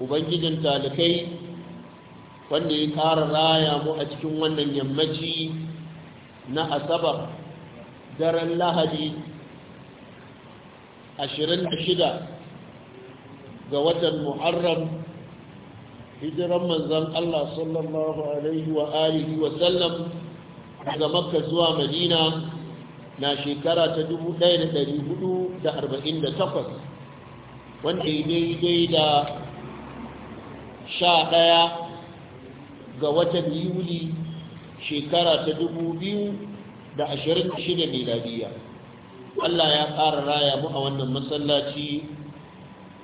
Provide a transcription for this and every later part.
ubangijin talikai wanda ya ƙara raya mu a cikin wannan yammaci na asabar daren lahadi 26 ga watan muharram hijiran manzan Allah sallallahu alaihi wa alihi wa sallam daga makka zuwa madina na shekara ta 1448 wanda ya daidai da sha ɗaya ga watan yuli shekara ta dubu biyu da ashirin shida miladiya Allah ya ƙara raya mu a wannan masallaci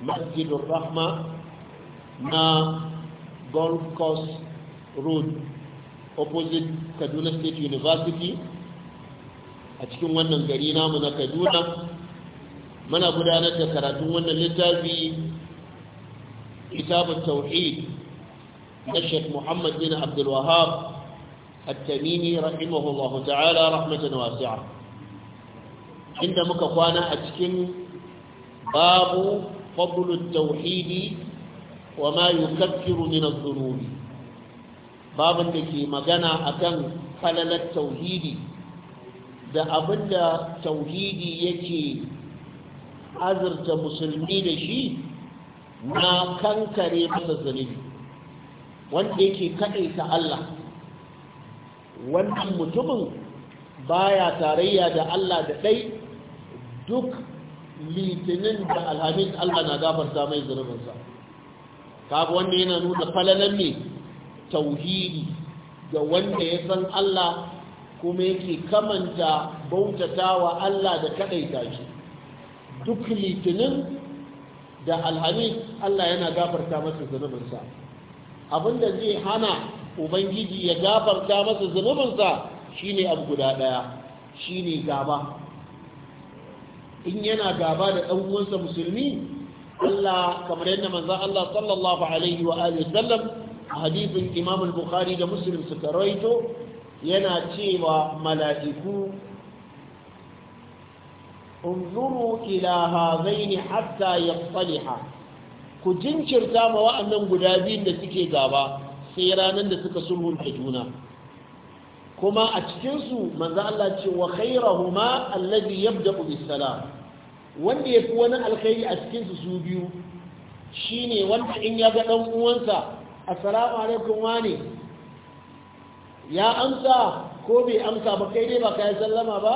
masjidun rahma na gold coast road opposite kaduna state university a cikin wannan gari namu na kaduna mana gudanar da karatun wannan littafi كتاب التوحيد نشهد محمد بن عبد الوهاب التميمي رحمه الله تعالى رحمة واسعة عندما كفانا أتكن باب فضل التوحيد وما يكفر من الذنوب باب الذي مغنى أكن فلل التوحيد da abinda tauhidi yake azurta musulmi da shi na kankare masa zunubi wanda yake kaɗaita Allah wannan mutumin baya tarayya da Allah da ɗai duk litinin da alhamis Allah na gafarta mai zunubinsa kaga wanda yana nuna falalan ne tauhidi ga wanda ya san Allah kuma yake kamanta bautatawa Allah da kaɗaita shi duk litinin da alhamis Allah yana gafarta masa zunubinsa abinda zai hana ubangiji ya gafarta masa zunubinsa shine abu guda daya shine gaba in yana gaba da dan uwansa musulmi Allah kamar yadda manzo Allah sallallahu alaihi wa alihi sallam a hadisin Imam al-Bukhari da Muslim suka rawaito yana cewa mala'iku unzuru ila hazaini hatta yattaliha ku jinkirta ma wa'annan guda biyun da suke gaba sai ranar da suka sulhunta juna kuma a cikinsu manzo Allah ce wa khairahuma alladhi yabda'u bis wanda yafi wani alkhairi a cikinsu su biyu shine wanda in ya ga dan uwansa assalamu alaikum wani ya amsa ko bai amsa ba kai dai ba kai sallama ba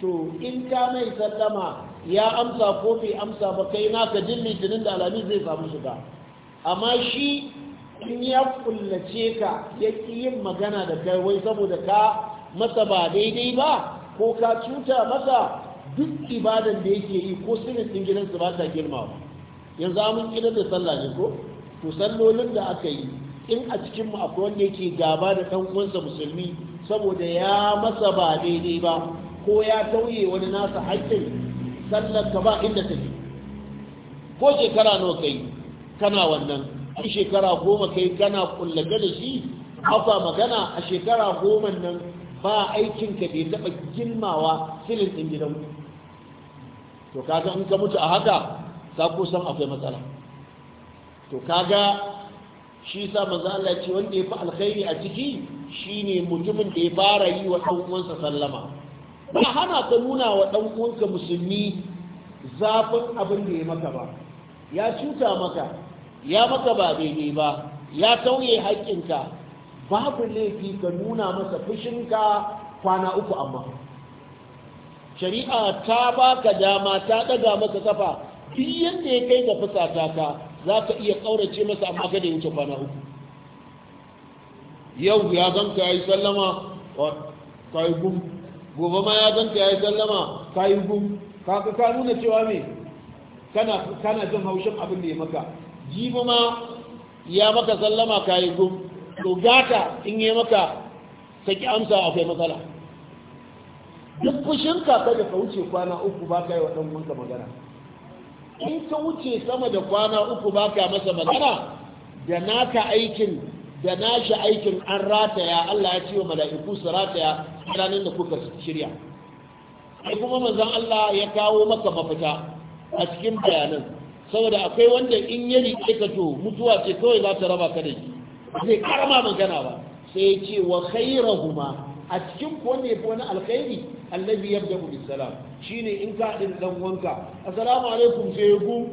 to in ka mai sallama ya amsa ko bai amsa ba kai ka jin litinin da alami zai samu ba. amma shi in ya kullace ka ya yin magana da kai wai saboda ka masa ba daidai ba ko ka cuta masa duk ibadan da yake yi ko sirrin din gidansu ba ta girma yanzu amin gidan da sallah ne ko to sallolin da aka yi in a cikinmu akwai wanda yake gaba da ɗan uwansa musulmi saboda ya masa ba daidai ba ko ya tauye wani nasa haƙƙin sallar ka ba inda take ko shekara nawa kai kana wannan a shekara goma kai kana kullage da shi hafa magana a shekara goma nan ba aikin ka bai taɓa girmawa filin ɗin gidan to kaga in ka mutu a haka ku san akwai matsala to kaga shi sa manzo Allah ce wanda ya fi alkhairi a ciki shine mutumin da ya fara yi wa ɗan uwansa sallama ba hana ka nuna wa ɗan uwanka musulmi zafin abin da ya maka ba ya cuta maka ya maka ba daidai ba ya tauye haƙƙinka babu laifi ka nuna masa fushinka kwana uku amma shari'a ta baka dama ta ɗaga maka kafa duk yadda ya kai ga fusata ka za ka iya ƙaurace masa amma ka da wuce kwana uku yau ya zanka ka yi sallama ka yi gobe ma ya zanta ya yi sallama ka yi gum ka ka nuna cewa me kana kana jin haushin abin da ya maka jibi ma ya maka sallama ka yi gum to gata in yi maka saki amsa akwai matsala duk fushin kaka da ka wuce kwana uku ba ka yi wa ɗan wanka magana in ka wuce sama da kwana uku ba ka masa magana da naka aikin da nashi aikin an rataya Allah ya ce wa mala'iku su rataya ranar da kuka shirya sai kuma manzon Allah ya kawo maka mafita a cikin bayanan saboda akwai wanda in ya rike ka to mutuwa ce kawai za ta raba ka da shi zai karama magana ba sai ya ce wa khairahuma a cikin ko ne ko na alkhairi allazi yabda bis salam shine in ka din dan wanka assalamu alaikum sai ku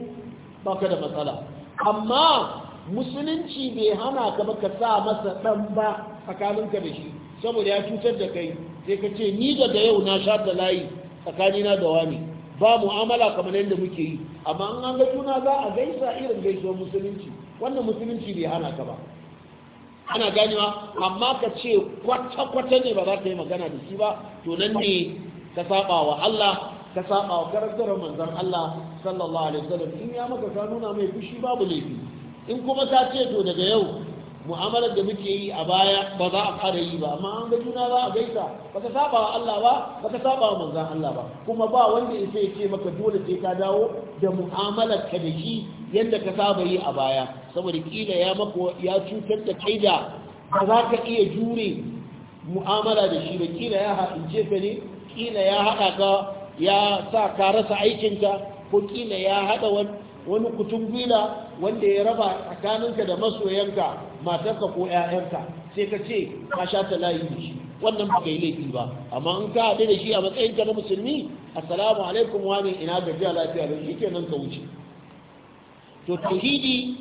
baka da matsala amma musulunci bai hana ka ba ka sa masa ɗan ba tsakaninka da shi saboda ya cutar da kai sai ka ce ni daga yau na sha da layi tsakanina da wani ba mu'amala kamar yadda muke yi amma an an ga juna za a gaisa irin gaisuwar musulunci wannan musulunci bai hana ka ba ana ganewa amma ka ce kwata-kwata ne ba za ka yi magana da shi ba to nan ne ka saba wa Allah ka saba wa karantar manzon Allah sallallahu alaihi wasallam in ya maka ka nuna mai fushi babu laifi in kuma ka ce to daga yau mu'amalar da muke yi a baya ba za a fara yi ba amma an ga juna za a gaisa ba ka saba wa Allah ba ba ka saba wa manzan Allah ba kuma ba wanda ya sai ce maka dole sai ka dawo da mu'amalar ka da shi yadda ka saba yi a baya saboda kila ya maka ya cutar da kai da ba za ka iya jure mu'amala da shi ba kila ya haɗince ka ne kila ya haɗa ka ya sa ka rasa aikinka ko kila ya haɗa wani wani kutun wanda ya raba tsakaninka da masoyanka matarka ko 'ya'yanka sai ka ce ka sha ta layi da shi wannan ba yi laifi ba amma in ka haɗu da shi a matsayinka na musulmi assalamu alaikum wani ina gajiya lafiya da shi nan ka wuce to tauhidi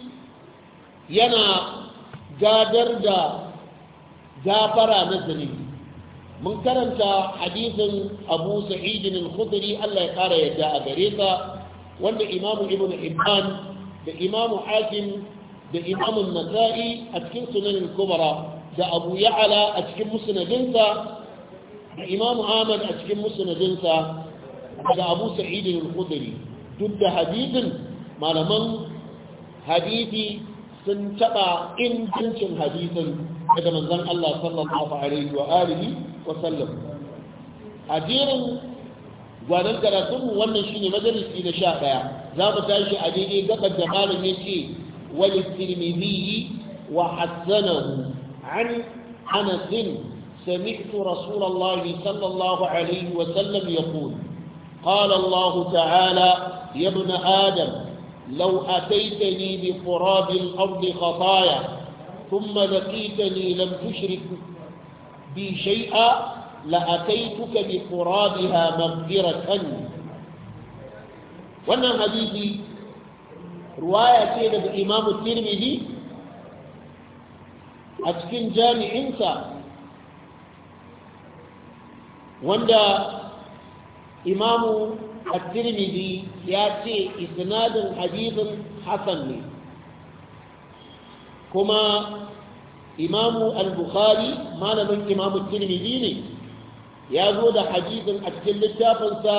yana gadar da gafara na zunubi mun karanta hadisin abu sa'idin al-khudri Allah ya kara yadda a gare ka wanda imamu ibn hibban da imamu hakim da imamu nasa'i a cikin sunanin kubara da abu ya'ala a cikin musnadinsa da imamu ahmad a cikin musnadinsa da abu sa'id al-khudri duk da hadisin malaman hadisi sun taba ingancin hadisin daga manzon Allah sallallahu alaihi wa alihi wa sallam a gwanon karatunmu wannan shine majalisi na sha ɗaya za mu tashi a daidai gabar da malam ya ce wani tirmidhi wa hassanahu an anasin سمعت رسول الله صلى الله عليه وسلم يقول قال الله تعالى يا ابن آدم لو أتيتني بقراب الأرض خطايا ثم لقيتني لم تشرك بي شيئا لأتيتك بقرابها مغفرة wannan hadisi riwaya ce daga imamu tirmidhi a cikin jami'insa wanda imamu at-tirmidhi ya ce isnadin hadisin hasan ne kuma imamu al-bukhari malamin imamu tirmidhi ne ya zo da hadisin a cikin littafinsa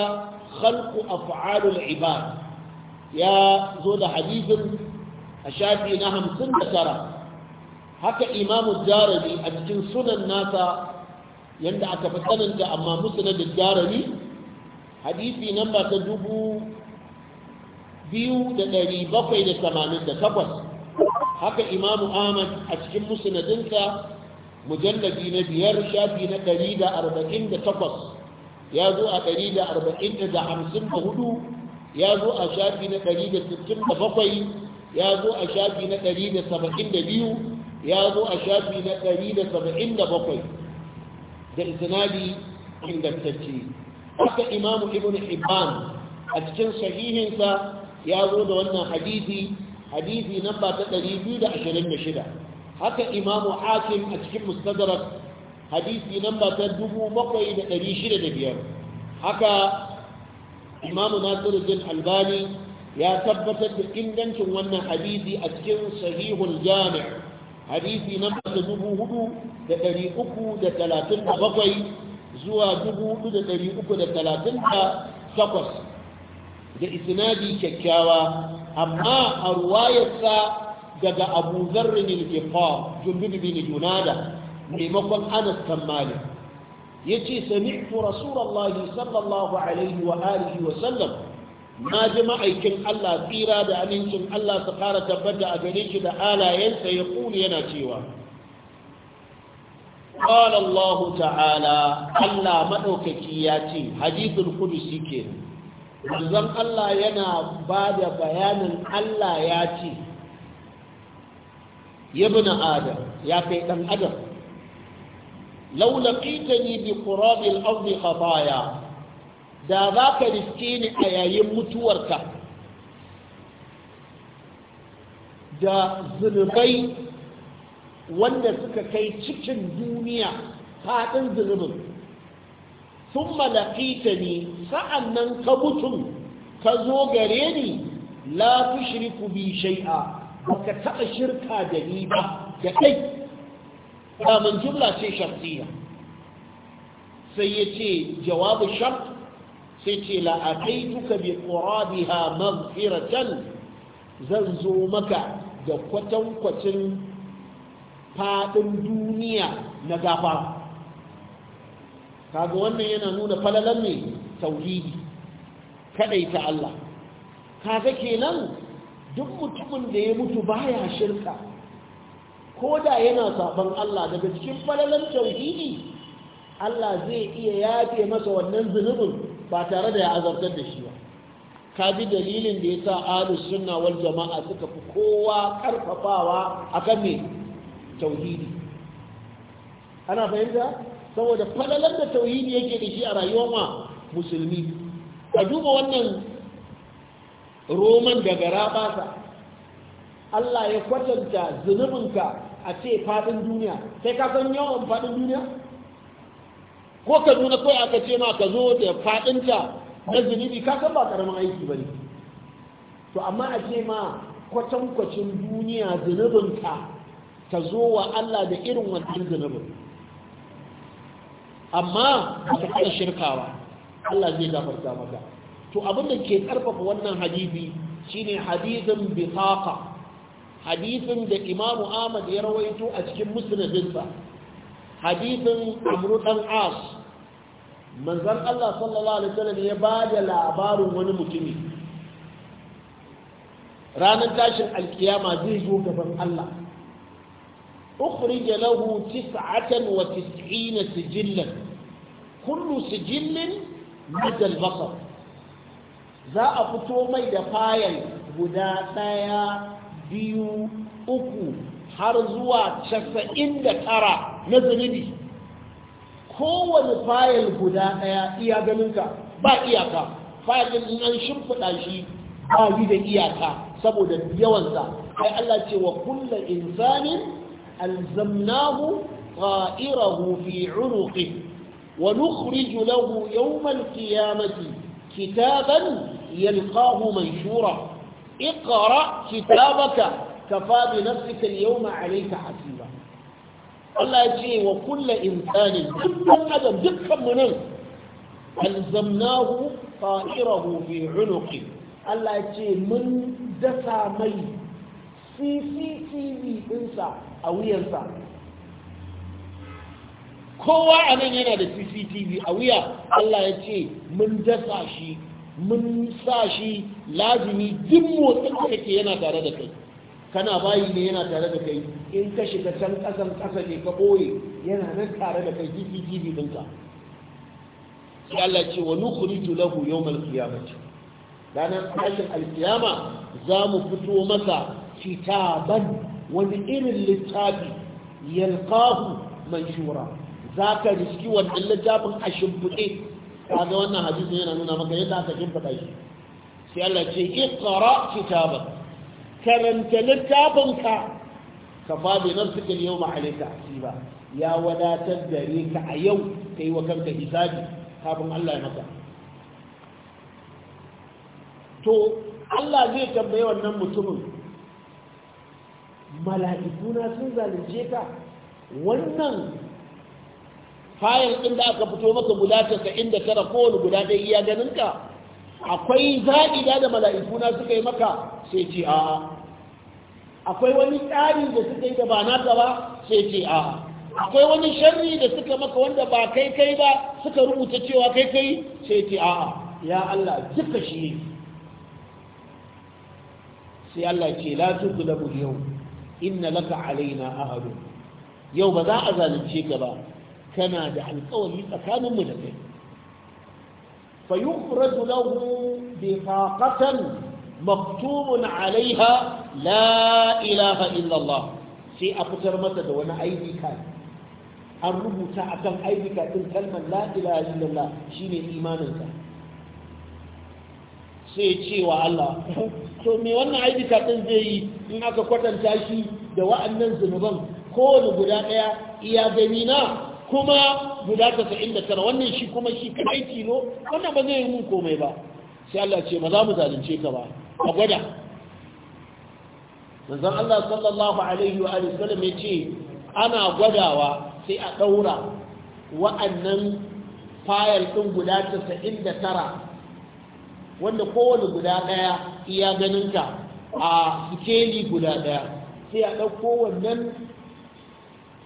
khalqu af'alul ibad ya zo da hadisin a shafi na hamsin da tara haka imamu jarari a cikin sunan nasa yadda aka fi tsananta amma musnadin jarari hadisi namba ta dubu biyu da ɗari bakwai da tamanin da takwas haka imamu ahmad a cikin musnadinsa mujalladi na biyar shafi na ɗari da arba'in da takwas ya zo a ɗari da arba'in da hamsin da hudu ya zo a shafi na ɗari da sittin da bakwai ya zo a shafi na ɗari da saba'in da biyu ya zo a shafi na ɗari da saba'in da bakwai da isnadi ingantacce haka imamu ibn hibban a cikin sahihinsa ya zo da wannan hadisi hadisi namba ta ɗari biyu da da ashirin shida. haka imamu hakim a cikin mustadrak hadisi namba ta 7605 haka imamu nasiruddin albani ya tabbatar da ingancin wannan hadisi a cikin sahihul jami' hadisi namba ta 4337 zuwa 4338 da isnadi kyakkyawa amma a ruwayarsa daga abu zarrin ilgifa jundun bin junada maimakon anas kammali ya ce sami'tu rasulallah sallallahu alaihi wa alihi wa sallam na ji ma'aikin allah tsira da amincin allah su fara tabbata a gare shi da halayensa ya kuli yana cewa قال الله تعالى الله مدوكي ياتي حديث القدس كده manzon Allah yana ba da bayanin Allah ya ce ya adam ya kai ɗan adam laulaƙita ni bi ƙurabil arzi da za ka riske ni a yayin mutuwarka da zunubai wanda suka kai cikin duniya faɗin zunubin sun malaƙita ne sa'annan ka mutum ka zo gare ni la tushriku bi shai'a Baka taɓa shirka da ni ba da kai daman jumla ce shartiya sai ya ce jawabu shart sai ce la'akai duka bi ƙurabiha magfiratan zan zo maka da kwatankwacin faɗin duniya na gafa. kaga wannan yana nuna falalan ne tauhidi ta Allah kaga kenan duk mutumin da ya mutu baya shirka ko da yana saban Allah daga cikin falalan tauhidi Allah zai iya yafe masa wannan zunubin ba tare da ya azabtar da shi ba ka bi dalilin da yasa sa ahlus sunna wal jama'a suka fi kowa karfafawa akan me tauhidi ana fahimta saboda falalan da tauhidi yake da shi a rayuwar musulmi a duba wannan roman da gara rabasa Allah ya kwatanta zunubinka a ce faɗin duniya sai ka san yawan faɗin duniya ko ka nuna kawai aka ce ma ka zo da faɗinta na zunubi ka san ba ƙaramin aiki ba ne to amma a ce ma kwatankwacin duniya zunubinka ta zo wa Allah da irin wannan zunubin amma ka shirkawa Allah zai gafarta maka to abin da ke karfafa wannan hadisi shine hadisin bisaqa hadisin da imamu Ahmad ya rawaito a cikin musnadinsa hadisin amru dan As manzon Allah sallallahu alaihi wasallam ya bada labarin wani mutumi ranar tashin alkiyama zai zo gaban Allah ukhrij lahu 99 sijillan kullu sijillin madal basar za a fito mai da fayal guda ɗaya biyu uku har zuwa casa'in da tara na zunubi kowane fayil guda ɗaya iya ganinka ba iyaka Fayal ɗin an shimfiɗa shi ba yi da iyaka saboda yawansa ai Allah ce wa kulla insanin alzamnahu qa'irahu fi 'unuqihi wa nukhriju lahu yawmal qiyamati kitaban يلقاه منشورا اقرأ كتابك كفى بنفسك اليوم عليك حسيبا الله يجي وكل إنسان كل أدم دكا منه ألزمناه طائره في عنقه Allah ce mun dasa mai CCTV ɗinsa a wuyansa kowa a nan yana da CCTV a wuya Allah ya ce mun dasa shi mun sa shi lazimi duk motsin da kake yana tare da kai kana bayi ne yana tare da kai in ka shiga can kasan kasa ne ka ɓoye yana nan tare da kai jibi jibi dinka. sai Allah ce wa nukhriju lahu yawmal qiyamati ranar tashin alkiyama za mu fito masa kitaban wani irin littafi yalqahu manshura za ka riski wannan littafin a shimfiɗe kaga wannan hadisi yana nuna maka yadda aka kimfada shi sai Allah ce iqra kitabak karanta littafinka ka fa bi nafsika al-yawma alayka asiba. ya wadatar da ka a yau kai wa kanka hisabi kafin Allah ya maka to Allah zai tambaye wannan mutumin mala'ikuna sun zalunce ka wannan fayil ɗin da aka fito maka guda casa'in da tara kowane guda ɗaya iya ganin ka akwai zaɓi da mala'iku na suka yi maka sai ce a'a akwai wani tsari da suka yi da ba naka ba sai ce a akwai wani sharri da suka maka wanda ba kai kai ba suka rubuta cewa kai kai sai ce a ya Allah duka shi ne. sai Allah ce la tuzlamu yau inna laka alaina ahadu yau ba za a zalunce ka ba kana da alkawari tsakaninmu da kai fa yukhraju lahu bifaqatan maktubun alaiha la ilaha illallah sai a fitar masa da wani ID card an rubuta akan ID card din kalmar la ilaha illallah shine imaninka sai cewa Allah to me wannan ID card din zai yi in aka kwatanta shi da wa'annan zunuban kowane guda ɗaya iya gani na kuma guda tasa'in da tara wannan shi kuma shi kai tilo wannan ba zai yi mun komai ba sai Allah ce ba za mu zalunce ka ba a gwada manzon Allah sallallahu alaihi wa alihi sallam ya ce ana gwadawa sai a daura wa'annan fayal ɗin guda tasa'in da tara wanda kowane guda ɗaya iya ganinka a sikeli guda ɗaya, sai a ɗauko kowannan.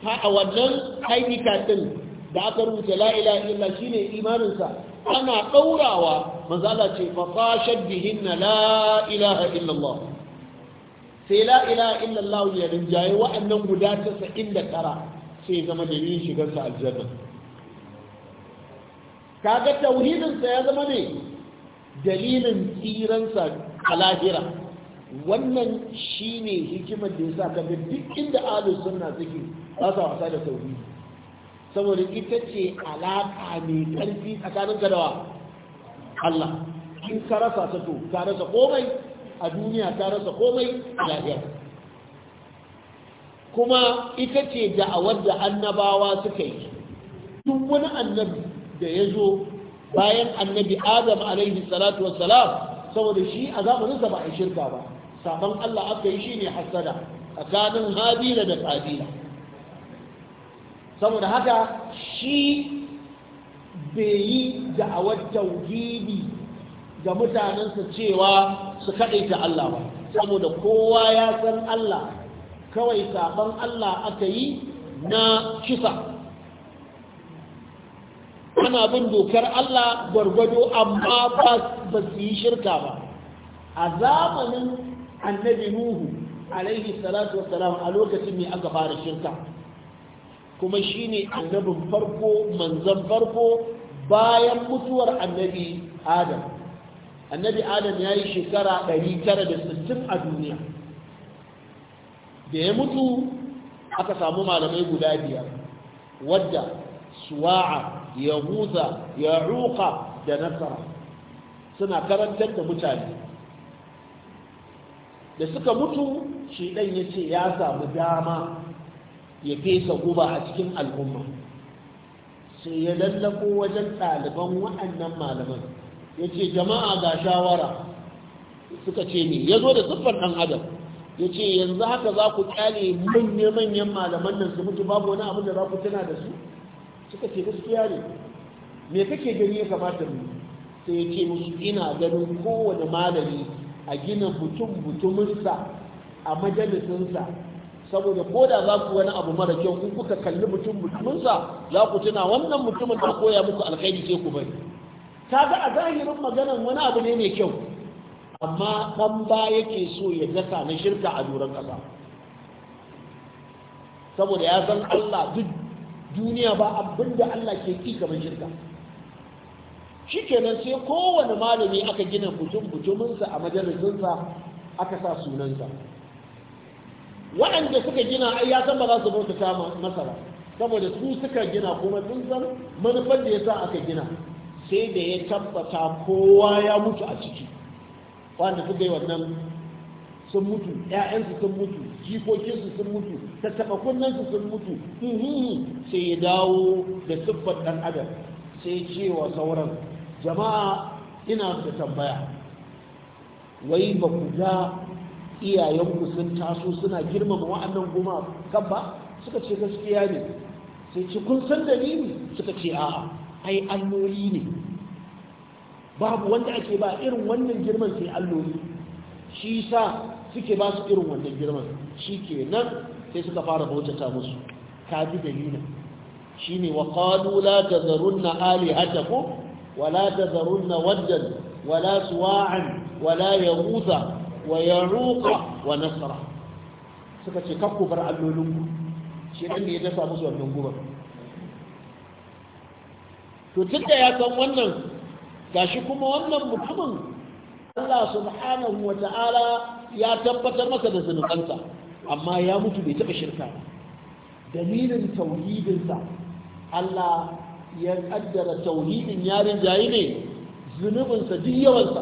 a wannan haifika ɗin da aka rubuta la'ila ilaha illa shi ne imaninsa. ana ɗaurawa manzo Allah ce fa fashad bihinna la ilaha illa sai la ilaha illa Allah ya rinjaye wa'annan guda ƙara sai zama dalilin shigar sa aljanna kaga tauhidin sa ya zama ne dalilin tsiransa a lahira wannan shine hikimar da ya sa, ka duk inda ahlus sunna suke ba sa wasa da tauhidi saboda ita ce alaka mai karfi tsakanin ka da Allah in ka rasa ta to ka rasa komai a duniya ka rasa komai a lahiyar kuma ita ce da'awar da annabawa suka yi duk wani annabi da ya zo bayan annabi adam alaihi salatu wassalam saboda shi a zamaninsa ba a shirka ba saban Allah aka yi shi ne hasada tsakanin habila da kabila saboda haka shi bai yi da'awar tauhidi ga mutanensa cewa su kaɗaita Allah ba saboda kowa ya san Allah kawai saban Allah aka yi na kisa ana bin dokar Allah gwargwado amma ba su yi shirka ba a zamanin annabi nuhu alaihi salatu wassalam a lokacin ne aka fara shirka kuma shine annabin farko manzon farko bayan mutuwar annabi adam annabi adam ya yi shekara 960 a duniya da ya mutu aka samu malamai guda biyar wadda suwa'a yahuza ya'uqa da nasara suna karantar da mutane da suka mutu shi ɗan ya ce ya samu dama ya fesa guba a cikin al'umma sai ya lallako wajen ɗaliban waɗannan malaman ya ce jama'a ga shawara suka ce ne ya zo da siffar ɗan adam ya ce yanzu haka za ku ƙyale manya-manyan malaman nan su mutu babu wani abin da za ku tuna da su suka ce gaskiya ne me kake gani ya kamata mu sai ya ce musu ina ganin kowane malami a gina mutum mutuminsa a majalisinsa saboda ko da za ku wani abu mara kyau in kuka kalli mutum mutuminsa za ku tuna wannan mutumin da koya muku alkhairi sai ku bari ta ga a zahirin maganan wani abu ne mai kyau amma ɗan ba yake so ya gasa na shirka a doron ƙasa saboda ya san allah duk duniya ba abinda allah ke ƙi kamar shirka shikenan sai kowane malami aka gina bujum bujuminsa a majalisinsa aka sa sunansa waɗanda suka gina ai ya san ba za su bauta ta masara saboda su suka gina kuma sun manufar da ya sa aka gina sai da ya tabbata kowa ya mutu a ciki wanda suka yi wannan sun mutu ‘ya'yansu sun mutu jikokinsu sun mutu tattaɓa sun mutu hihihi sai ya dawo da siffar ɗan adam sai ce wa sauran jama'a ina da tambaya wai ba ku ga iyayenku sun taso suna girmama wa'annan goma kan ba suka ce gaskiya ne sai ce kun san dalili suka ce a'a ai alloli ne babu wanda ake ba irin wannan girman sai alloli shi sa suke ba su irin wannan girman shi ke nan sai suka fara bautata musu ka ji dalilin shi ne wa ƙalu la ta zarun na ali hata ko ولا تذرن ودا ولا سواعا ولا يغوث ويعوق ونصرا suka ce kakku bar allolinku shi ɗan da ya dasa musu wannan gubar to tun da ya san wannan gashi kuma wannan mutumin Allah subhanahu wa ta'ala ya tabbatar masa da zunubansa amma ya mutu bai taɓa shirka ba dalilin tauhidinsa Allah ya kaddara tauhidin yarin jayi ne zunubinsa duk yawansa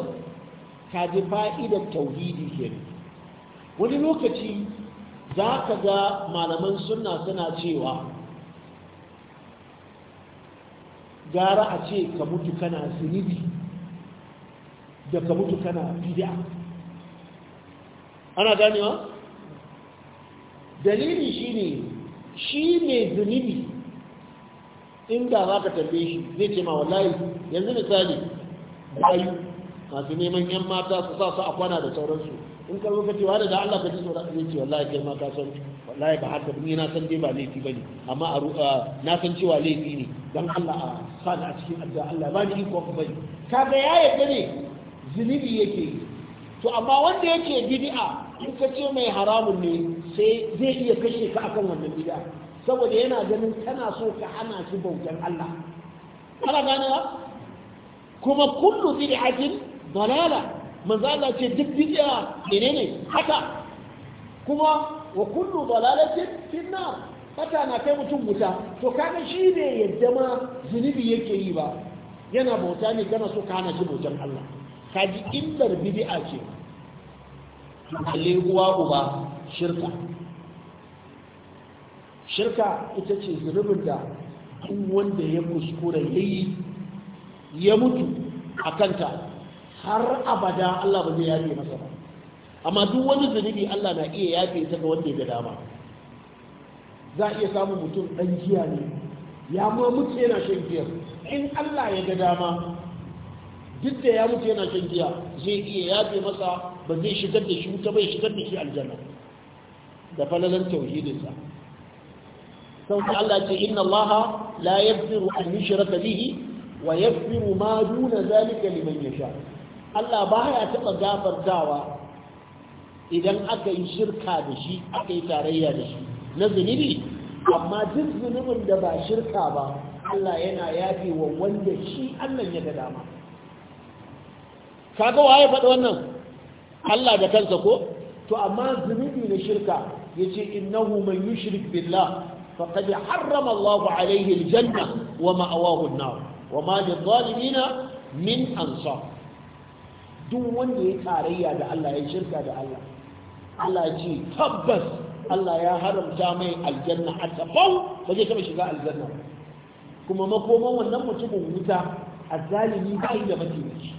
ka ji fa'idar tauhidi kenan wani lokaci za ka ga malaman suna suna cewa gara a ce ka mutu kana zunubi da ka mutu kana bid'a ana ganewa dalili shine shi ne zunubi inda za ka tambaye shi zai ce ma wallahi yanzu misali bayu masu neman yan mata su sa su a kwana da sauransu in ka zo ka ce wani da Allah ka ji sauran zai ce wallahi kai ma ka san wallahi ba haka ni na san dai ba laifi bane amma a na san cewa laifi ne dan Allah a sa ni a cikin addu'a Allah ba ni iko bane kaga ya yadda ne zunubi yake yi to amma wanda yake bid'a in ka ce mai haramun ne sai zai iya kashe ka akan wannan bid'a saboda yana ganin kana so ka hana shi bautan Allah ana ganewa kuma kullu bid'atin dalala manzo Allah ce duk bid'a ne haka kuma wa kullu dalalatin fi nar fata na kai mutum wuta to kaga shi ne yadda ma zunubi yake yi ba yana bauta ne kana so ka hana shi bautan Allah kaji illar bid'a ce kalle uwa uba shirka shirka ita ce zunubin da duk wanda ya kuskura yayi ya mutu a kanta har abada Allah ba zai yafe masa ba amma duk wani zunubi Allah na iya yafe ta ga wanda ya dama za a iya samun mutum ɗan jiya ne ya ma mutu yana shan giya in Allah ya ga dama duk da ya mutu yana shan giya zai iya yafe masa ba zai shigar da shi wuta bai shigar da shi aljanna da falalan tauhidinsa sun Allah ce inna Allah la yaghfiru an yushraka bihi wa yaghfiru ma duna zalika liman yasha Allah baya taba gafartawa idan aka yi shirka da shi aka yi tarayya da shi na zunubi amma duk zunubin da ba shirka ba Allah yana yafe wa wanda shi Allah ya ga dama kaga waye faɗi wannan Allah da kansa ko to amma zunubi na shirka yace innahu man yushrik billah فقد حرم الله عليه الجنة ومأواه النار وما للظالمين من أنصار duk wanda ya tarayya da Allah ya shirka da Allah Allah ce tabbas Allah ya haramta mai aljanna a tabau ba zai taba shiga aljanna kuma makoman wannan mutumin wuta a zalimi ba da mataimaki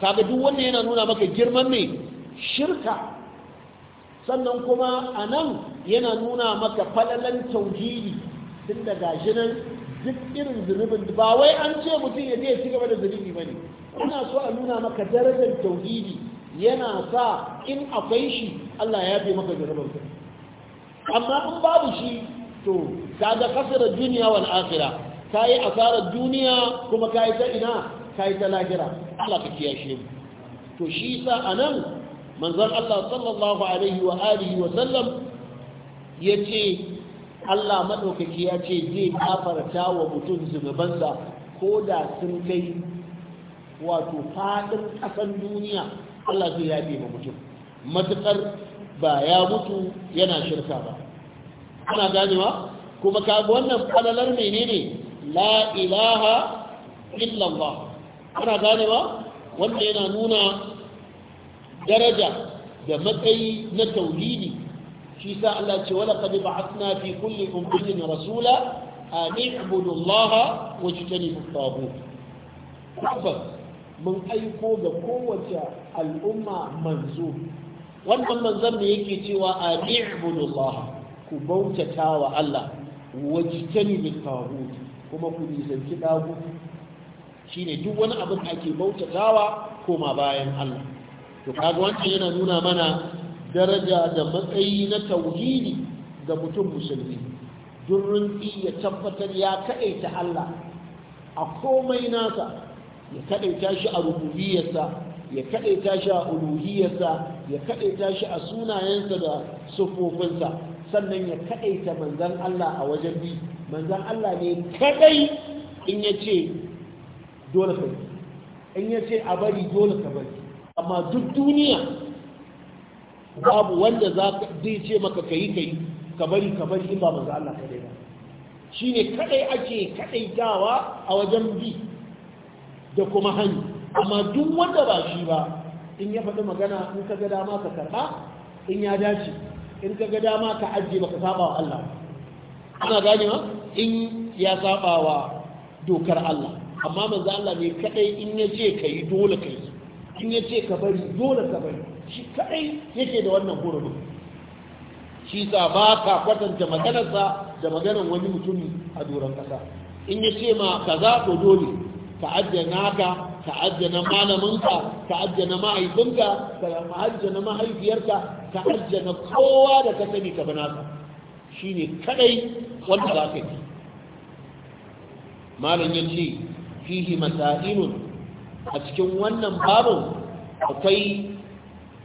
kaga duk wanda yana nuna maka girman mai shirka sannan kuma a nan yana nuna maka falalan tauhidi tun daga nan duk irin zunubin ba wai an ce mutum ya je ci gaba da zunubi ba ne ina so a nuna maka darajar tauhidi yana sa in akwai shi Allah ya fi maka zunubin amma in babu shi to ga kasara duniya wal akhirah kayi asarar duniya kuma kayi ta ina kayi ta lahira Allah ka kiyashe mu to shi sa anan manzon Allah sallallahu alaihi wa alihi wa sallam yace Allah madaukaki ya ce zai gafarta wa mutum zunubansa ko da sun kai wato faɗin kasan duniya Allah zai yafe ma mutum Matuƙar ba ya mutu yana shirka ba ana ganewa kuma ka wannan falalar menene la ilaha illallah ana ganewa wanda yana nuna daraja da matsayi na tauhidi shi sa Allah ce wala qad ba'athna fi kulli ummatin rasula an i'budu Allah wa tajtanibu at-taghut mun aiko ga kowace al'umma manzo wannan manzon ne yake cewa an i'budu Allah ku bautata wa Allah wa tajtanibu at-taghut kuma ku nisanci dagu shine duk wani abin da ake bautatawa koma bayan Allah to kaga wannan yana nuna mana daraja da matsayi na tauhidi ga mutum musulmi durrun ya tabbatar ya kaɗaita Allah a komai nasa ya kaɗaita shi a rububiyarsa ya kaɗaita shi a uluhiyarsa ya kaɗaita shi a sunayensa da sufofinsa sannan ya kaɗaita manzan Allah a wajen bi manzan Allah ne kaɗai in ya ce dole ka in ya ce a bari dole ka bari amma duk duniya babu wanda zai ce maka kayi kayi ka bari ka bari in ba manzo Allah kadai ba shine kadai ake kadai dawa a wajen bi da kuma hanyi. amma duk wanda ba shi ba in ya faɗi magana in ka ga dama ka karɓa in ya dace in ka ga dama ka ajiye baka saba wa Allah ana gane ma in ya saba wa dokar Allah amma manzo Allah ne kadai in ya ce kai dole kai in ya ce ka bari dole ka bari shi kadai yake da wannan gurbin shi sa ba ka kwatanta maganarsa da maganar wani mutumi a doron ƙasa in ya ce ma ka za ko dole ka ajjana ka ka ajjana malaminka ka ajjana mahaifinka ka na mahaifiyarka ka ajjana kowa da ka sani ka bana shi ne kadai wanda za ka yi malam ya ce fihi masa'inun a cikin wannan babin akwai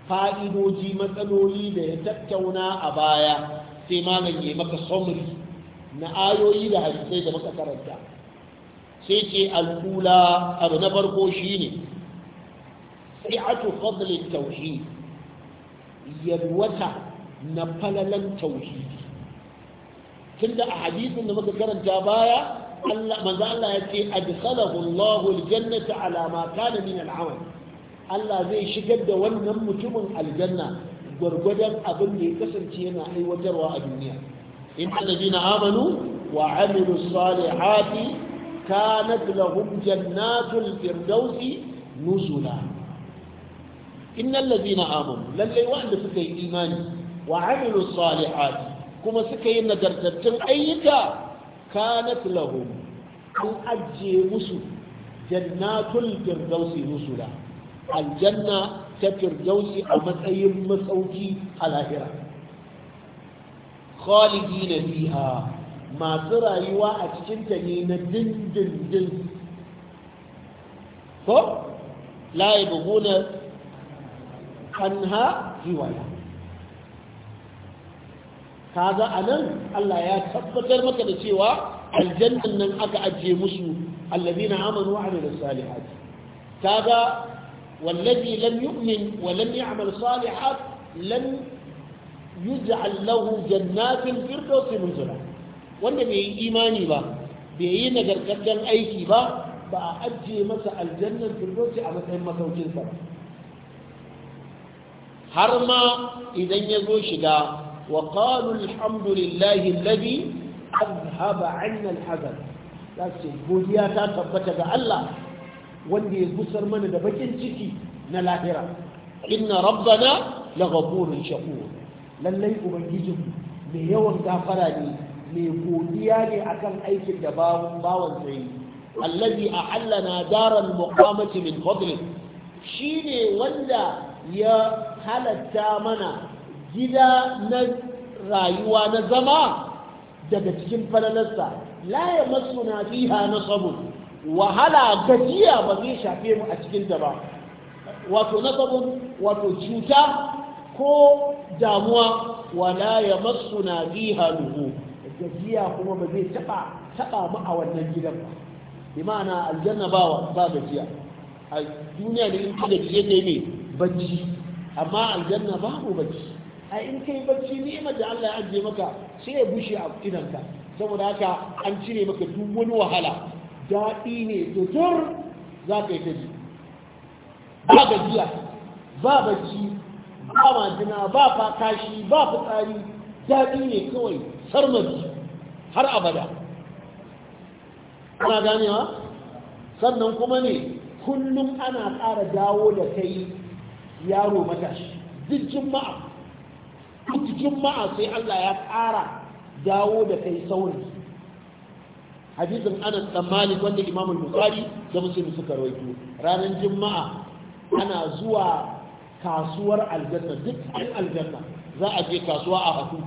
fa'idoji matsaloli da ya tattauna a baya sai malam ya maka somri na ayoyi da hadisai da muka karanta sai ce al'ula abu na farko a sai'atu fadlin tauhid yalwata na falalan tauhidi tunda a hadisin da muka karanta baya Allah Allah ya ce adkhalahu Allahu aljannata ala ma kana min al'amal Allah zai shigar da wannan mutumin aljanna gwargwadon abin da ya kasance yana aiwatarwa a duniya in na amanu wa amilus salihati na lahum jannatul firdausi nuzula innal na amanu lallai wanda suka yi imani wa amilus salihati kuma suka yi nagartattun ayyuka kanat lahum an ajiye musu jannatul firdausi rusula aljanna ta firdausi a matsayin masauki a lahira khalidina fiha masu rayuwa a cikinta ne na dindindin ko la yabghuna anha riwaya a nan Allah ya tabbatar maka da cewa aljannan nan aka ajiye musu alladina amanu wa amilus salihati kaga wallazi lam yu'min wa lam ya'mal salihat lam yuj'al lahu jannatin firdaus nuzula wanda bai yi imani ba bai yi nagargaggen aiki ba ba a ajiye masa aljannan firdausi a matsayin masaukinsa har ma idan ya zo shiga وقالوا الحمد لله الذي أذهب عنا الحزن لكن بودياتا ga Allah wanda ya gusar mana da bakin ciki na lahira inna rabbana laghafurun shakur lallai ubangijin mai yawan gafara ne mai godiya ne akan aikin da bawan sai allazi ahallana daral muqamati min Shi shine wanda ya halatta mana gida na rayuwa na zama daga cikin falalarsa la ya masu na fiha na sabon wahala gajiya ba zai shafe mu a cikinta ba wato na sabon wato cuta ko damuwa wala ya masu na fiha luhu gajiya kuma ba zai taba taba mu a wannan gidan ba bi ma'ana aljanna ba ba gajiya a duniya da yin ka gajiye ne bacci amma aljanna babu bacci a in kai bacci ni'imar da Allah ya ajiye maka sai ya bushe a idanka saboda haka an cire maka duk wani wahala daɗi ne tutur za ka yi ta ji ba gajiya ba bacci ba majina ba fakashi ba fitsari daɗi ne kawai sarmadi har abada ana ganewa sannan kuma ne kullum ana ƙara dawo da kai yaro matashi duk juma'a duk juma'a sai Allah ya ƙara dawo da kai sauri hadisin ana tsammani wanda imam bukhari da musulmi suka roƙi ranar juma'a ana zuwa kasuwar aljanna duk an aljanna za a je kasuwa a haku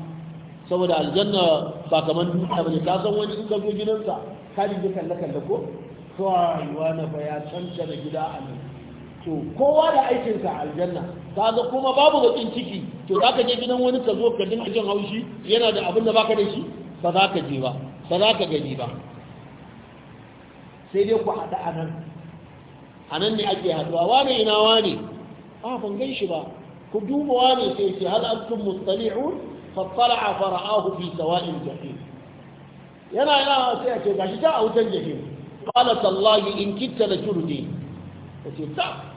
saboda aljanna ba kamar duniya ne ka san wani in ka zo gidansa ka ji kalle kalle ko Kawai, wani ba ya cancana gida a nan to kowa da aikinsa a aljanna kaga kuma babu bakin ciki to za ka je gidan wani ka zo ka dinga jin haushi yana da abin da baka da shi ba za ka je ba ba za ka gani ba sai dai ku haɗa a nan a nan ne ake haɗuwa wane ina wane a ban gan shi ba ku duba wane sai ce hal antum mustali'un fattala'a fara'ahu fi sawa'il jahim yana yana sai a ce gashi ta a wutan jahim qala tallahi in kitta la turdi kace ta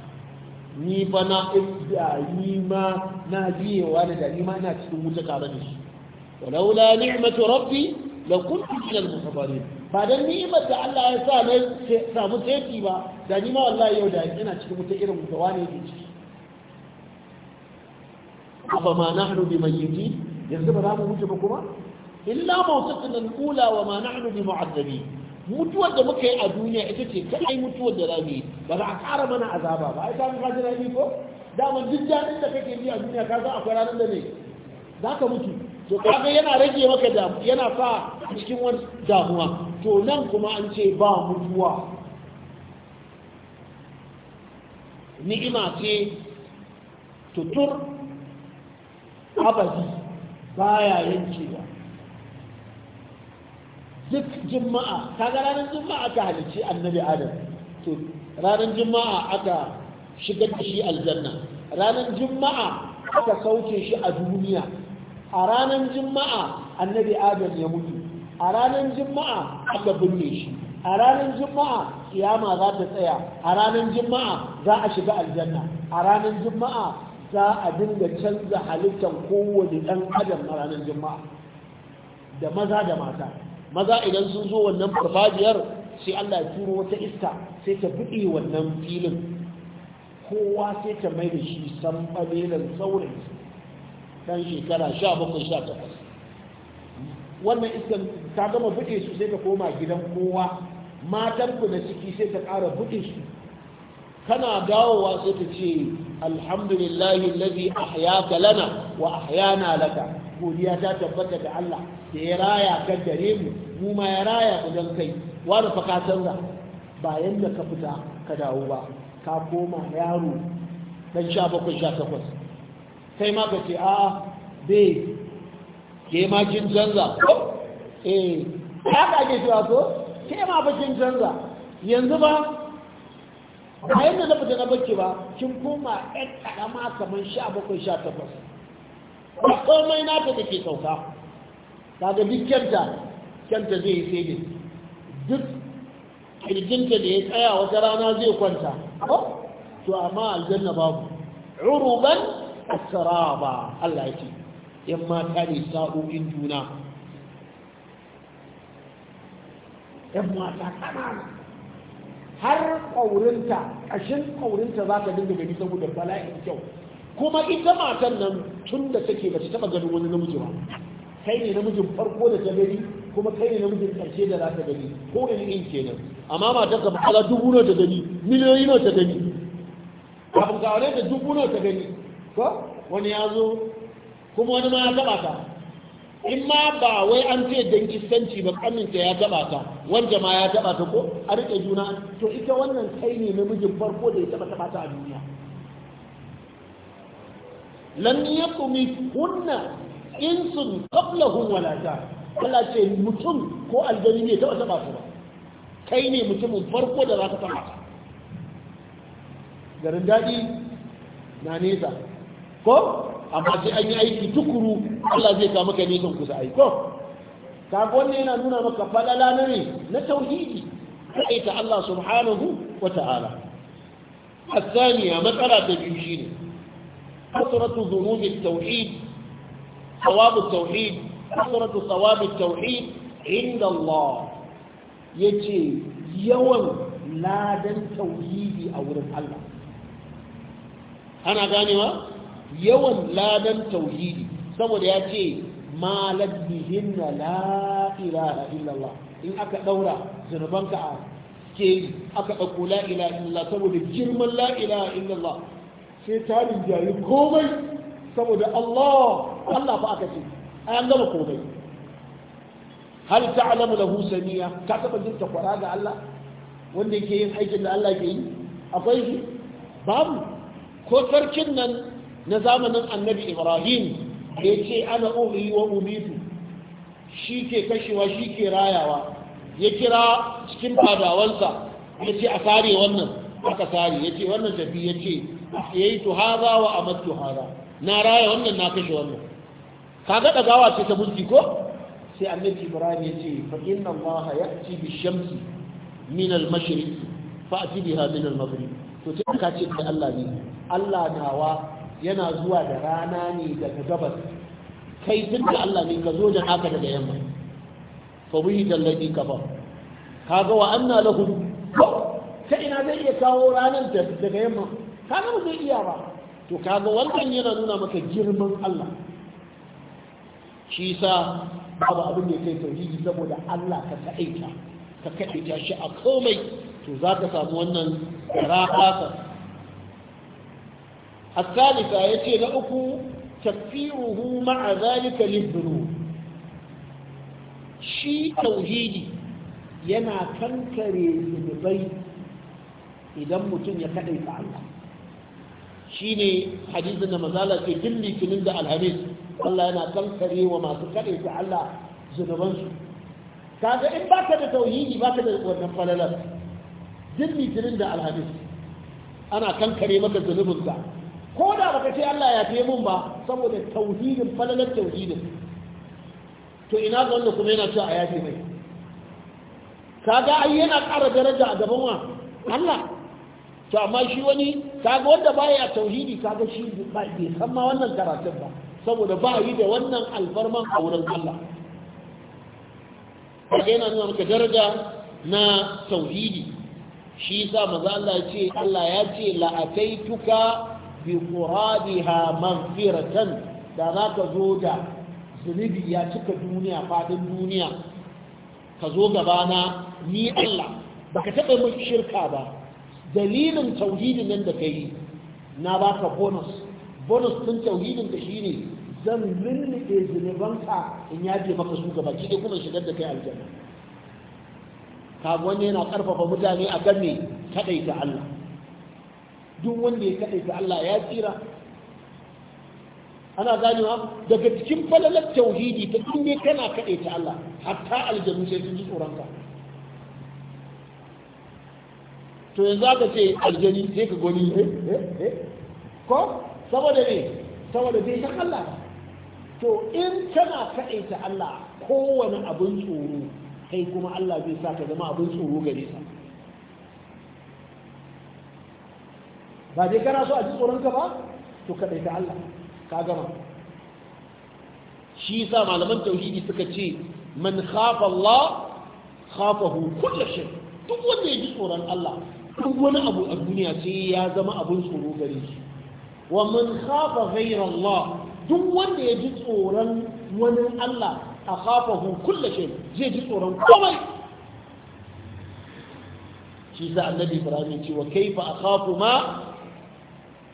ni fa na idda ni ma na jiyewa da ni ma ina cikin wuta tare da shi walaula ni'matu rabbi la kuntu min al-muhdarin ba dan ni'imar da Allah ya sa ne samu tafi ba da ni ma wallahi yau da ina cikin wuta irin wuta wani ne ciki afa ma nahnu bi mayyiti yanzu ba za mu mutu ba kuma illa mawtatun al-ula wa ma nahnu bi mu'azzabin mutuwar da muka yi a duniya ita ce ta ai mutuwar da zamu yi ba za a ƙara mana azaba ba ai samun kashi rami ko dama duk daɗin da kake yi a duniya ka san akwai ranar da ne za ka mutu to kaga yana rage maka da yana sa cikin wani damuwa to nan kuma an ce ba mutuwa ni'ima ce tutur abadi baya yankewa duk juma'a kaga ranar juma'a aka halicci annabi adam to ranar juma'a aka shiga da shi aljanna ranar juma'a aka sauke shi a duniya a ranar juma'a annabi adam ya mutu a ranar juma'a aka binne shi a ranar juma'a kiyama za ta tsaya a ranar juma'a za a shiga aljanna a ranar juma'a za a dinga canza halittar kowane ɗan adam a ranar juma'a da maza da mata maza idan sun zo wannan farfajiyar sai Allah ya turo wata iska sai ta buɗe wannan filin kowa sai ta mai da shi sambalelan saurayi Ɗan shekara sha bakwai sha takwas wannan iskan ta gama buɗe su sai ta koma gidan kowa matan ku na ciki sai ta ƙara buɗe su kana dawowa sai ta ce alhamdulillahi lazi ahya lana wa ahyana laka godiya ta tabbata da Allah da ya raya kan gare mu mu ma ya raya mu don kai wa fa ka canza ba yanda ka fita ka dawo ba ka koma yaro dan sha bakwai sha takwas kai ma ka ce a be ke ma kin canza eh haka ake cewa ko ke ma ba kin canza yanzu ba a yadda na fita na bacci ba kin koma yan karama kamar sha bakwai sha takwas komai nata da sauka kaga duk kyanta kyanta zai yi sai duk kirjinta da ya tsaya wata rana zai kwanta to amma aljanna babu uruban asraba Allah ya ce yan mata ne sa'o'in juna yan mata kanana har ƙaurinta ƙashin ƙaurinta za ka dinga gani saboda bala'in kyau kuma ita matan nan tun da take ba ta taba ganin wani namiji ba kai ne namijin farko da ta gani kuma kai ne namijin karshe da za ta gani ko in in nan? amma matar ka ba dubu nawa ta gani miliyoyi nawa ta gani kafin ka aure da dubu nawa ta gani ko wani ya zo kuma wani ma ya taba ta in ma ba wai an ce dan kisanci ba kaminta ya taba ta wanda ma ya taba ta ko a rike juna to ita wannan kai ne namijin farko da ya taba taba ta a duniya lam yaqumi hunna insun qablahum wala ta Allah ce mutum ko aljani ne taba taba su ba kai ne mutumin farko da za ka garin daɗi na nesa ko amma sai an yi aiki tukuru Allah zai kama ka nisan kusa ko? kaga wannan yana nuna maka falala na ne na tauhidi kai ta Allah subhanahu wa ta'ala الثانية مسألة تجيشيني حسرة ذنوب التوحيد ثواب التوحيد حسرة ثواب التوحيد عند الله يجي يوم لا دن توحيدي أو الله أنا غاني yawan ladan tauhidi saboda ya ce malar bihin na la'ilaha illallah in aka ɗaura zunubanka a ke aka ɗauko la'ilaha illallah saboda girman la'ilaha illallah sai ta rinjayi komai saboda Allah Allah fa aka ce an gama komai hal ta'lamu lahu samiya ka taba jin takwara ga Allah wanda yake yin aikin da Allah ke yi akwai shi babu ko sarkin nan na zamanin annabi Ibrahim da yace ana uhyi wa umitu shi ke kashewa shi ke rayawa ya kira cikin fadawansa ya ce a sare wannan aka sare ya ce wannan tafi ya ce ahyaitu hadha wa amattu hadha na raya wannan na kashe wannan kaga dagawa ce ta mulki ko sai annabi ibrahim ya ce fa inna allah ya'ti bi shamsi min al mashriq fa ati biha min al maghrib to sai ka ce da allah ne allah nawa yana zuwa da rana ne daga gabas kai tun da allah ne ka zo da haka daga yamma fa bihi dallati kafa kaga wa anna lahu ta ina zai iya kawo ranar daga yamma Ka ga zai iya ba to kaga wannan yana nuna maka girman Allah shi sa babu abin da kai tauhidi saboda Allah ka kaita ka kaita shi a komai to za ka samu wannan rafa الثالثة يتي لأكو تكفيره مع ذلك للذنوب شي توحيدي ينا كنكري ذنبي إذا متن يكأي الله shine hadisin da mazala ce duk litinin da alhamis Allah yana kankare wa masu kaɗe ta Allah zunubansu kaga in ba ka da tauhidi ba ka da wannan falalar duk litinin da alhamis ana kankare maka zunubinka ko da baka ce Allah ya fi mun ba saboda tauhidin falalar tauhidin to ina ga wanda kuma yana cewa a yafe mai kaga ai yana ƙara daraja a gaban wa Allah to amma shi wani kaga wanda baya tauhidi kaga shi bai san ma wannan karatun ba saboda ba yi da wannan alfarman a wurin Allah kaga yana nuna maka daraja na tauhidi shi yasa manzo Allah ya ce Allah ya ce la ataituka bi quradiha maghfiratan da zaka zo da zunubi ya cika duniya fadin duniya ka zo gabana ni Allah baka taɓa mun shirka ba dalilin tauhidin nan da yi na baka bonus bonus ɗin tauhidin da shine zan lullube zunubanka in yaje maka su gaba ki kuma shigar da kai aljanna kaga wanda yana karfafa mutane a kan me kadaita Allah duk wanda ya kadaita Allah ya tsira ana ganewa daga cikin falalar tauhidi ta inda kana ta Allah hatta aljanu sai sun ji tsoron ka to yanzu aka ce aljani sai ka gani eh, eh, eh. ko saboda ne saboda bai san Allah to in kana kaɗaita Allah kowane abin tsoro kai kuma Allah zai sa ka zama abin tsoro gare sa ba dai kana so a ji tsoronka ba to kaɗaita Allah ka gama shi yasa malaman tauhidi suka ce man khafa Allah khafahu kullu shay duk wanda ya ji tsoron Allah duk abu a duniya ce ya zama abin tsoro gari. shi wa mun khafa ghayra Allah duk wanda ya ji tsoron wani Allah a khafa hu kulla shi zai ji tsoron kowai? shi sa annabi Ibrahim ce wa kaifa akhafu ma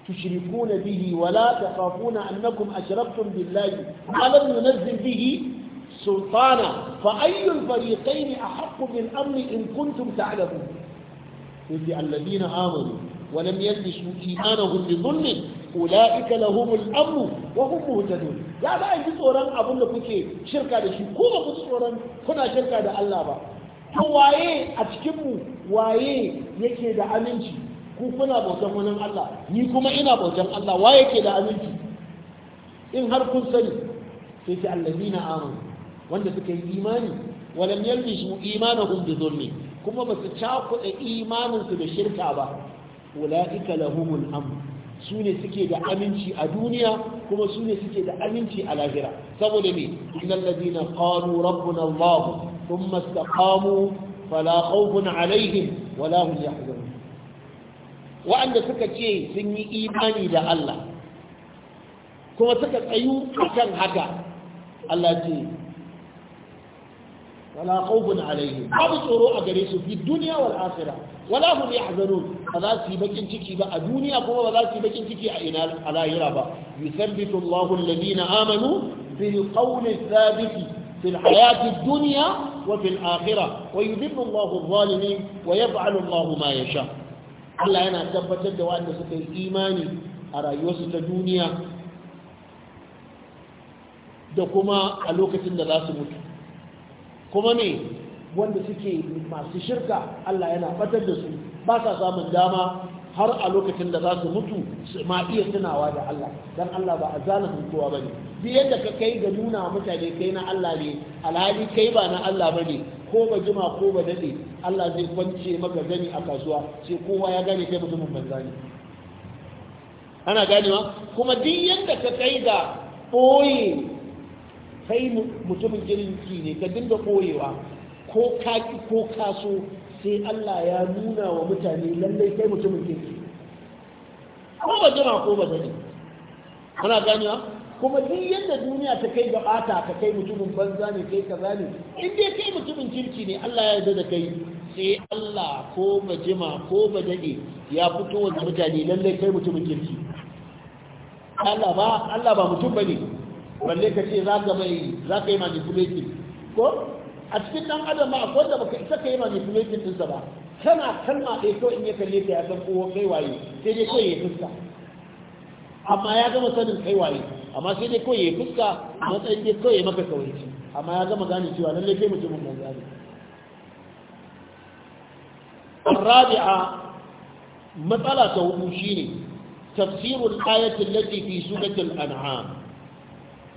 tushrikuna bihi wala la takhafuna annakum ashraftum billahi ma lam yunzil bihi sultana fa ayyul fariqayn ahqqu bil amni in kuntum ta'lamun yace alladina amanu wa lam yalbisu imanahum bi dhulmin ulaika lahumul amn wa hum muhtadun ya ba ji tsoron abin da kuke shirka da shi ko ba ku tsoron kuna shirka da Allah ba to waye a cikin mu waye yake da aminci ku kuna bautan wani Allah ni kuma ina bautan Allah wa yake da aminci in har kun sani sai wanda suka yi imani walam kuma ba su cakuɗa imaninsu da shirka ba ula'ika lahumul amn su ne suke da aminci a duniya kuma su ne suke da aminci a lahira saboda me innal ladina qalu rabbuna allah thumma istaqamu fala khawfun alaihim wala hum yahzanun wa'anda suka ce sun yi imani da Allah kuma suka tsayu akan haka Allah ce wala khawfun alaihim babu tsoro a gare su fi duniya wal akhirah wala hum yahzanun ba za su yi bakin ciki ba a duniya kuma ba su yi bakin ciki a ina a lahira ba yuthabbitu Allahu alladhina amanu bil qawli thabiti في الحياة الدنيا وفي الآخرة Wa ya الظالمين ويفعل الله ما يشاء Allah yana tabbatar da wanda suka yi imani a rayuwarsu ta duniya da kuma a lokacin da za su mutu kuma ne wanda suke masu shirka Allah yana batar da su ba sa samun dama har a lokacin da za su mutu ma iya tunawa da Allah dan Allah ba a zalimin kowa bane duk yadda ka kai ga nuna mutane kai na Allah ne alhali kai ba na Allah bane ko ba jima ko ba dade Allah zai kwance maka gani a kasuwa sai kowa ya gane kai mutumin banza ne ana ganewa kuma duk yadda ka kai ga ɓoye. kai mutumin girinki ne ka dinga koyewa ko kaki ko kaso sai Allah ya nuna wa mutane lallai kai mutumin kirki ko ba jira ko ba zane ana ganiwa kuma duk yadda duniya ta kai ga bata ka kai mutumin banza ne kai kaza ne in dai kai mutumin kirki ne Allah ya yarda da kai sai Allah ko ba jima ko ba dade ya fito wa mutane lallai kai mutumin kirki Allah ba Allah ba mutum bane balle ka ce za ka mai za ka yi manipulatin ko a cikin ɗan adam ba akwai da baka isa ka yi manipulatin ɗinsa ba kana kalma ɗaya ko in ya kalle ka ya san kowa oh, kai waye sai dai kawai ya fuska amma ya gama sanin kai waye amma sai dai kawai ya fuska matsayin dai kawai maka kawai amma ya gama gane cewa lallai kai mutumin Rabi'a matsala ta مسألة توقوشيني تفسير الآية التي fi سورة an'am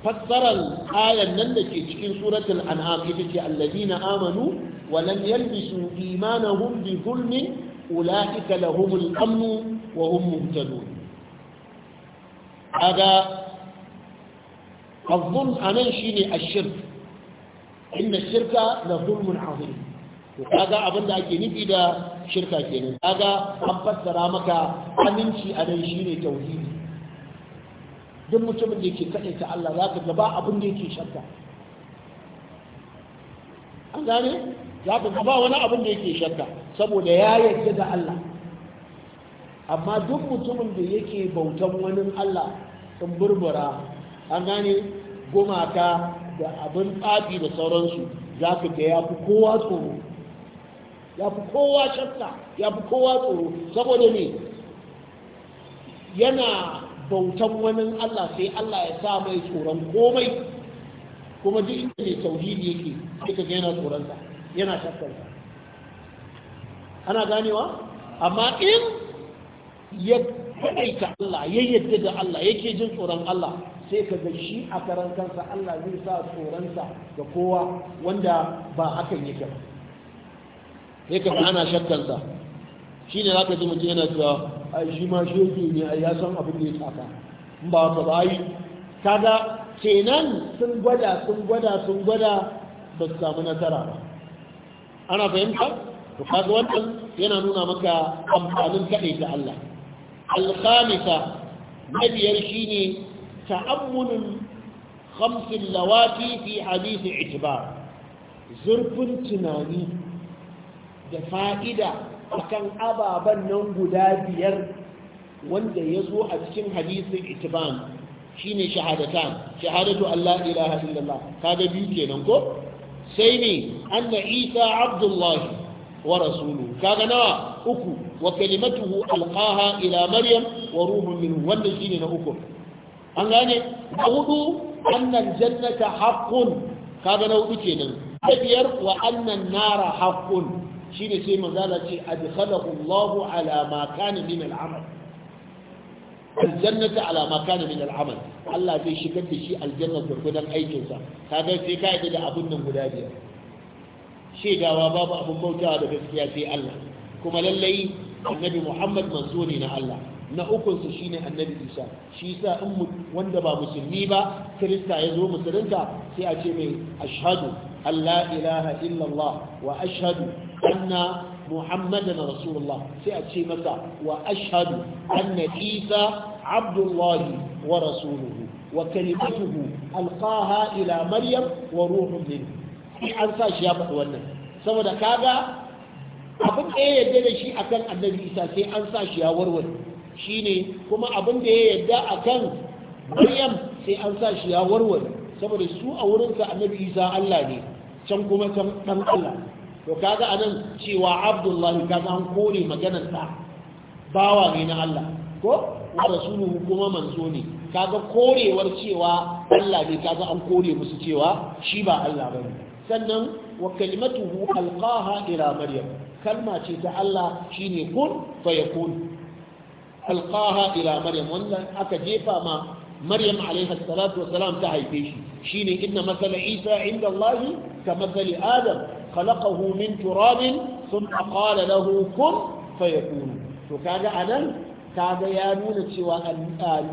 fassarar ayan nan da ke cikin suratul an'am ita ce alladina amanu wa lam yalbisu imanahum bi zulmin ulaika lahumul amnu wa hum muhtadun aga الظلم أنا شيني الشرك إن الشرك لظلم عظيم وكذا أبدا أكيني بدا شركة كيني هذا أبدا سرامك أمنشي أنا شيني توحيدي duk mutumin da yake kaɗai ta Allah za ka gaba abin da yake shakka an gane za ka gaba wani abin da yake shakka saboda ya yarda da Allah amma duk mutumin da yake bautan wani Allah sun burbura an gane gumaka da abin tsafi da sauransu za ka ga ya fi kowa tsoro ya fi kowa shakka ya fi kowa tsoro saboda ne yana bautan wani Allah sai Allah ya sa mai tsoron komai kuma duk inda mai tauhidi yake sai kaga yana tsoron sa yana shakkar sa ana ganewa amma in ya faɗaita Allah ya yadda da Allah yake jin tsoron Allah sai ka ga shi a karan kansa Allah zai sa tsoronsa ga kowa wanda ba hakan yake ba sai ka ana shakkansa shi ne za ka ji mutum yana cewa ai shi ma shege ne a ya san abin da ya saka in ba ka ba yi kaga kenan sun gwada sun gwada sun gwada ba su samu nasara ba ana fahimta to kaga wannan yana nuna maka amfanin kaɗai ta Allah alkhamisa na biyar shine ta'ammunul khamsin lawati fi hadisi itibar zurfin tunani da fa'ida akan ababen nan guda biyar wanda ya zo a cikin hadisin itiban shine shahadatan shahadatu Allah ilaha illallah kaga biyu kenan ko sai ne anna isa abdullahi wa rasulu kaga nawa uku wa kalimatuhu alqaha ila maryam wa ruhun min wanda shine na uku an gane na hudu annan jannata haqqun kaga na hudu kenan biyar wa annan nara haqqun shi ne sai manzala ce adkhalahu Allahu ala ma min al'amal aljannata ala min al'amal Allah zai shigar da shi aljanna gurgudan aikin sa kaga sai ka yi da abun nan guda biyar shedawa babu abun bautawa da gaskiya sai Allah kuma lallai annabi Muhammad manzo ne na Allah na ukunsa shine annabi Isa shi yasa in wanda ba musulmi ba kirista ya zo musulunta sai a ce mai ashhadu Allah, ilaha illallah wa ashhadu anna muhammadan rasulullah sai a ce masa wa ashhadu anna isa abdullahi wa rasuluhu wa kalimatuhu alqaha ila maryam wa ruhun min sai an sa shi ya faɗi wannan saboda kaga abin da ya yarda da shi akan annabi isa sai an sa shi ya warware shine kuma abin da ya yarda akan maryam sai an sa shi ya warware saboda su a wurinsa annabi isa allah ne can kuma can dan allah to kaga anan cewa abdullahi kaga an kore maganar sa bawa ne na Allah ko wa rasuluhu kuma manzo ne kaga korewar cewa Allah ne kaga an kore musu cewa shi ba Allah bane sannan wa kalimatuhu alqaha ila maryam kalma ce ta Allah shine kun fayakun alqaha ila maryam wannan aka jefa ma maryam alaiha salatu wassalam ta haife shi shine inna masala isa inda Allah ka masali adam خلقه من تراب ثم قال له كن فيكون to kaga anan kaga ya nuna cewa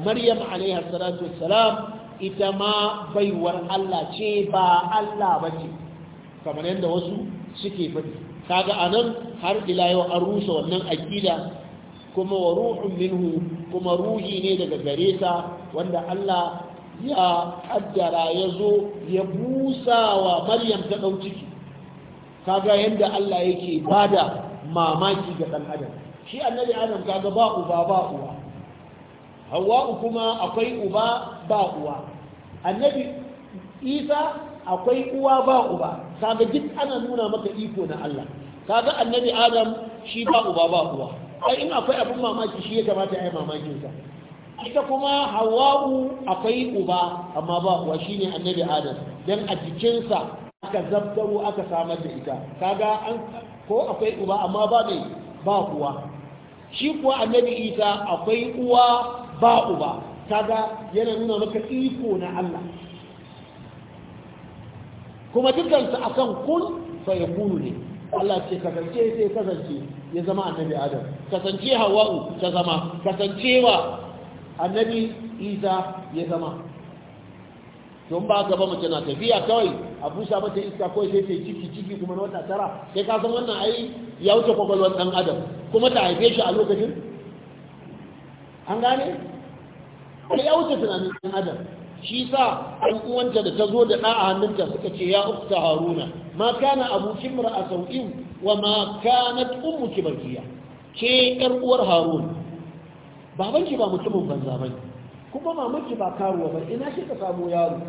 maryam alaiha salatu wassalam ita ma baiwar Allah ce ba Allah bace kamar yadda wasu suke fadi kaga anan har ila yau an rusa wannan aqida kuma wa ruhun minhu kuma ruhi ne daga gare ta wanda Allah ya kaddara ya zo ya busa wa maryam ta dauki ciki kaga yadda Allah yake bada mamaki ga ɗan adam shi annabi adam kaga ba uba ba uwa hawa'u kuma akwai uba ba uwa annabi isa akwai uwa ba uba kaga duk ana nuna maka iko na Allah kaga annabi adam shi ba uba ba uwa ai in akwai abin mamaki shi ya kamata ai mamakin sa ita kuma hawa'u akwai uba amma ba uwa shine annabi adam dan a jikinsa aka zabtaro aka samar da ita kaga an ko akwai uba amma ba mai ba kuwa shi kuwa annabi isa akwai uwa ba uba kaga yana nuna maka iko na Allah kuma dukkan su akan kun fa yakunu ne Allah ce kasance sai kasance ya zama annabi Adam kasance hawa'u ta zama kasancewa annabi Isa ya zama don ba ka ba mace na tafiya kawai a busa mata iska kawai sai ta ciki ciki kuma na wata tara sai ka san wannan ai ya wuce kwakwalwar ɗan adam kuma ta haife shi a lokacin an gane ko ya wuce tunanin ɗan adam shi sa an uwanta da ta zo da ɗa a hannunta suka ce ya ukta haruna ma kana abu kimra a sau'in wa ma kanat ummu kibarkiya ke ƴar uwar harun babanki ba mutumin banza bane kuma mamaki ba karuwa ba ina shi ka samu yaro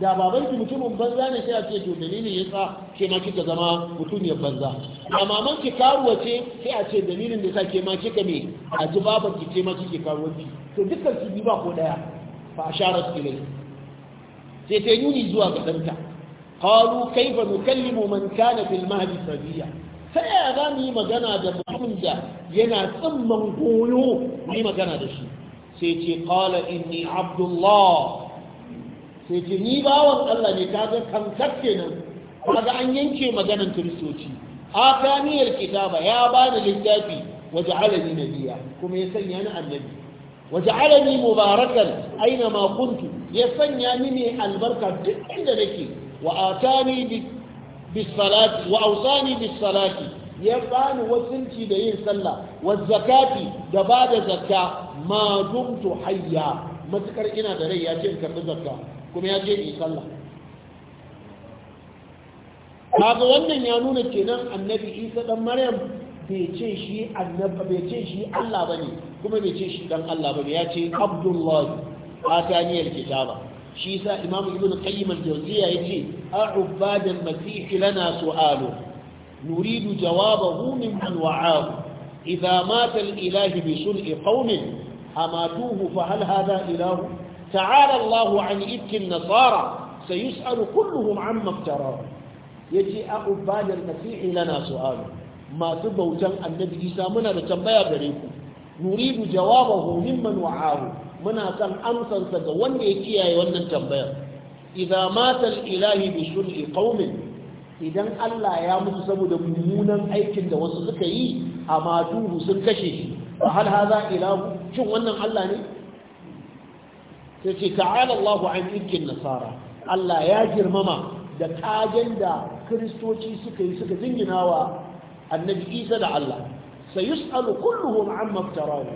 da babanki mutumin banza ne sai a ce to dalilin ya sa ke ma kika zama mutumin banza a mamanki karuwa ce sai a ce dalilin da sa ke ma kika me a ji ki ce ma kike ki to dukkan su bi ba ko daya fa asharat ilai sai ta yuni zuwa ga danta qalu kayfa nukallimu man kana fil mahdi sabiya sai ya za mu magana da mutumin da yana tsimman goyo mu magana da shi sai ce qala inni abdullah sai ce ni bawan Allah ne ga kamsar kenan kaga an yanke maganan kiristoci akaniyar kitaba ya bani littafi waja'alani nabiyya kuma ya sanya ni annabi alami mubarakan aina ma kuntu ya sanya ni ne albarka duk inda nake wa atani bi wa bisalati ya bani wasunci da yin sallah wa zakati da ba da zakka ma dumtu hayya matukar ina da rai ya ce in karbi zakka kuma ya ce in sallah kaga wannan ya nuna kenan annabi Isa dan Maryam bai ce shi annaba bai ce shi Allah bane kuma bai ce shi dan Allah bane ya ce Abdullah ataniyal kitaba shi yasa Imam Ibn Qayyim al-Jawziyya yace a'ubadal masih lana su'alu نريد جوابه ممن وعاه إذا مات الإله بسلء قوم أماتوه فهل هذا إله تعالى الله عن إبك النصارى سيسأل كلهم عما افتراه يجي أقبال المسيح لنا سؤال ما تبو تن النبي إيسا منا لتنبيا بريكم نريد جوابه ممن وعاه منا كان أمسا سجوان يكيا يوانا تنبيا إذا مات الإله بسلء قوم idan Allah ya mutu saboda mummunan aikin da wasu suka yi amma duhu sun kashe shi ba hal haza ilahu shin wannan Allah ne sai ce ta'ala Allah an ikin nasara Allah ya girmama da kagen da kristoci suka yi suka jingina wa annabi Isa da Allah sai yus'alu kulluhum amma iftarahu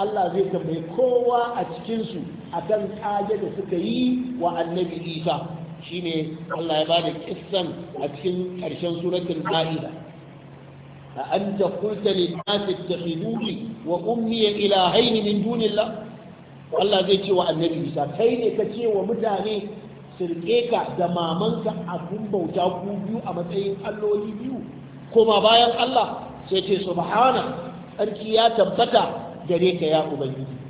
Allah zai tambaye kowa a cikin su akan kage da suka yi wa annabi Isa shine Allah ya bada kissan a cikin ƙarshen suratul ma'ida a an ta kulta lin nasi takhiduni wa ila haini min dunillah Allah zai ce wa annabi Isa kai ne ka ce wa mutane sirke ka da mamanka abun bauta ku biyu a matsayin alloli biyu Kuma bayan Allah sai ce subhana sarki ya tabbata gare ka ya ubangiji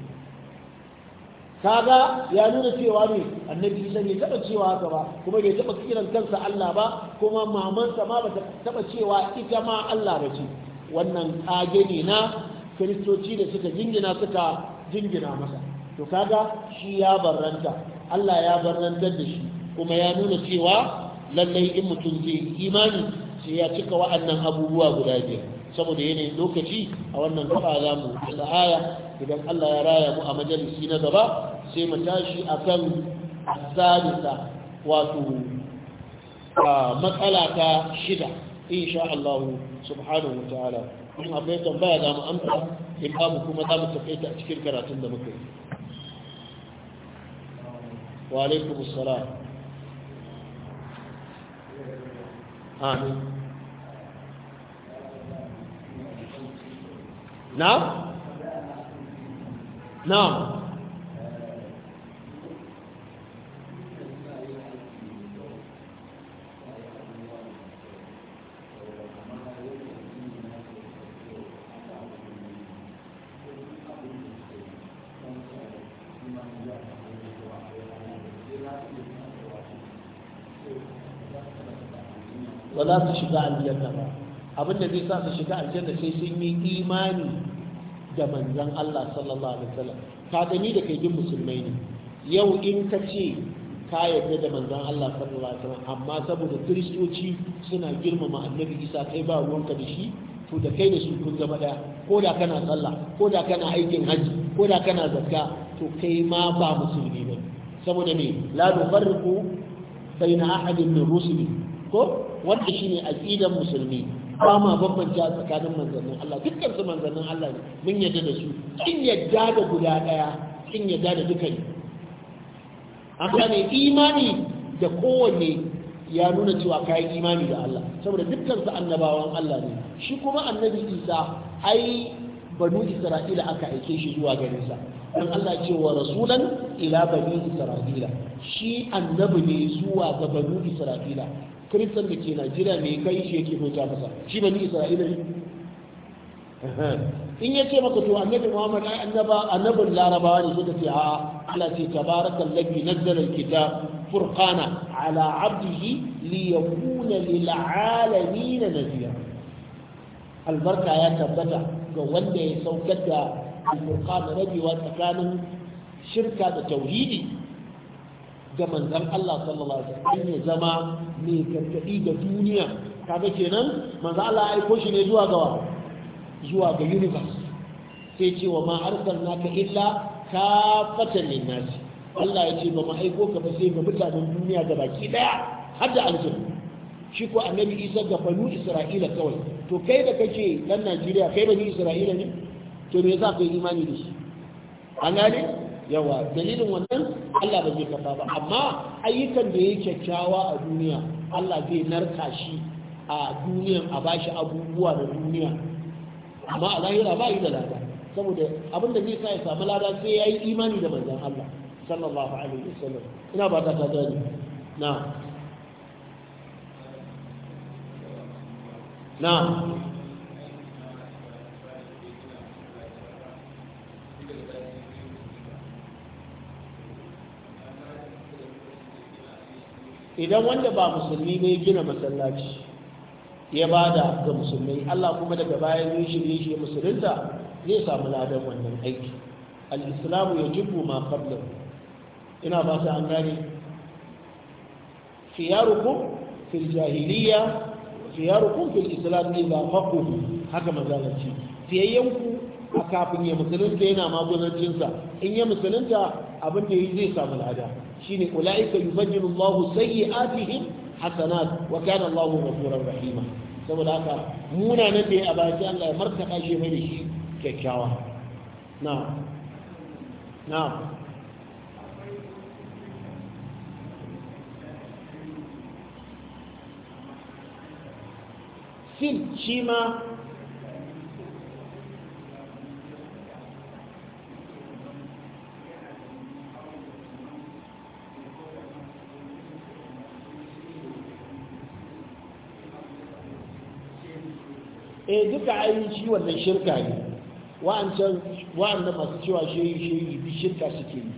kaga ya nuna cewa ne annabi isa bai taba cewa haka ba kuma bai taba kiran kansa Allah ba kuma mamansa ma bata taba cewa ita ma Allah ba ce wannan kage ne na kiristoci da suka jingina suka jingina masa to kaga shi ya barranta Allah ya barrantar da shi kuma ya nuna cewa lallai in mutum zai imani sai ya cika wa'annan abubuwa guda biyar saboda yanayin lokaci a wannan kafa za mu aya idan Allah ya raya mu a majalisi na gaba sai mu tashi akan asadisa wato matsala ta shida insha Allah subhanahu wataala in akwai tambaya za mu amsa in babu kuma za mu tafaita a cikin karatun da muke. wa alaikum assalam amin na na'am ba za su shiga aljanna ba abin da zai sa su shiga aljanna sai sun yi imani da manzan Allah sallallahu alaihi wasallam ka gani da kai jin musulmai ne yau in ka ce ka yarda da manzan Allah sallallahu alaihi wasallam amma saboda kiristoci suna girmama annabi Isa kai ba ruwanka da shi to da kai da su kun zama daya ko da kana sallah ko da kana aikin hajji ko da kana zakka to kai ma ba musulmi ne saboda me la nufarriqu baina ahadin min rusuli ko wanda shine aqidan musulmi ba ma bambance tsakanin manzannin Allah dukkan su manzannin Allah ne mun yadda da su in yadda da guda daya in yadda da duka ne ne imani da kowanne ya nuna cewa kayan imani da Allah saboda dukkan su annabawan Allah ne shi kuma annabi Isa ai banu Isra'ila aka aike shi zuwa garin sa dan Allah cewa rasulan ila bani Isra'ila shi annabi ne zuwa ga banu Isra'ila kiristan da ke najeriya mai kai shi yake bauta masa shi ne isra'ila ne in ya ce maka to annabi muhammad ai annaba annabin larabawa ne suka ce a Allah ce tabarakal ladhi nazzala alkitab Furkana ala abdihi li yakuna lil alamin albarka ya tabbata ga wanda ya saukar da alfurqan rabiwa tsakanin shirka da tauhidi ga manzan Allah sallallahu alaihi wasallam ya zama mai gargadi ga duniya kaga kenan manzan Allah ya aiko shi ne zuwa ga zuwa ga universe sai ce wa ma arsalnaka illa kafatan linnas Allah ya ce ba mu aiko ka ba sai ga mutanen duniya ga baki daya har da aljanna shi ko annabi Isa ga banu Isra'ila kawai to kai da kake dan Najeriya kai banu Isra'ila ne to me yasa kai imani da shi an gane yawa dalilin wannan Allah ba zai kafa ba amma ayyukan da yake kyakkyawa a duniya Allah zai narka shi a duniya a bashi abubuwa da duniya amma a lahira ba yi da lada saboda abinda zai sa ya samu lada sai ya yi imani da manzan Allah sallallahu alaihi wasallam ina ba ta gani na na idan wanda ba musulmi bai gina masallaci ya ba da ga musulmi. Allah kuma daga bayan yi shirye shi musulunta zai samu ladan wannan aiki al-islamu yajibu ma qablahu ina ba ta an gane khiyarukum fil jahiliya khiyarukum fil islam ba haku haka mazalaci fiyayyanku a kafin ya musulunta yana jinsa in ya musulunta abin da yi zai samu lada حين أولئك يبجل الله سيئاتهم حسنات وكان الله غفورا رحيما سبب لك مونا نبي أبا جان لا يمرتقى جمله كيكاوة نعم نعم سيد شيما eh duka ainihin shi wannan shirka ne wa'annan masu cewa shehi shehi bi shirka suke yi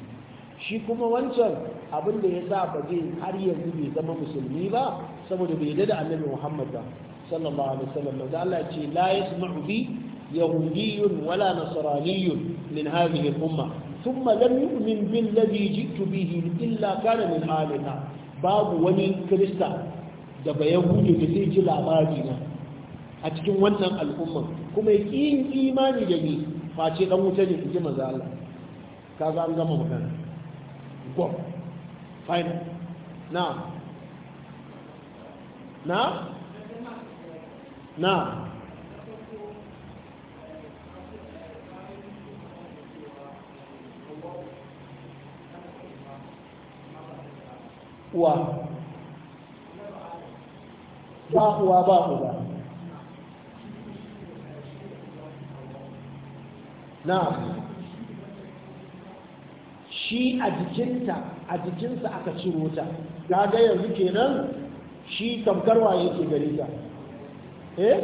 shi kuma wancan abin da ya sa ba zai har yanzu bai zama musulmi ba saboda bai yadda annabi muhammad ba sallallahu alaihi wasallam manzo Allah ya ce la yasma'u bi yahudiyyun wala nasraniyyun min hadhihi al-umma thumma lam yu'min bil ladhi ji'tu bihi illa kana min halina babu wani krista da ba yahudi da zai ji labari na a cikin wannan al'umma kuma ya yin imani da ni face dan wuta ne kuje maza Allah kaga an gama magana go fine na na na uwa ba uwa ba uwa na shi a jikinta a jikinsa aka ciro ta ga yanzu kenan shi tamkarwa yake gari ta eh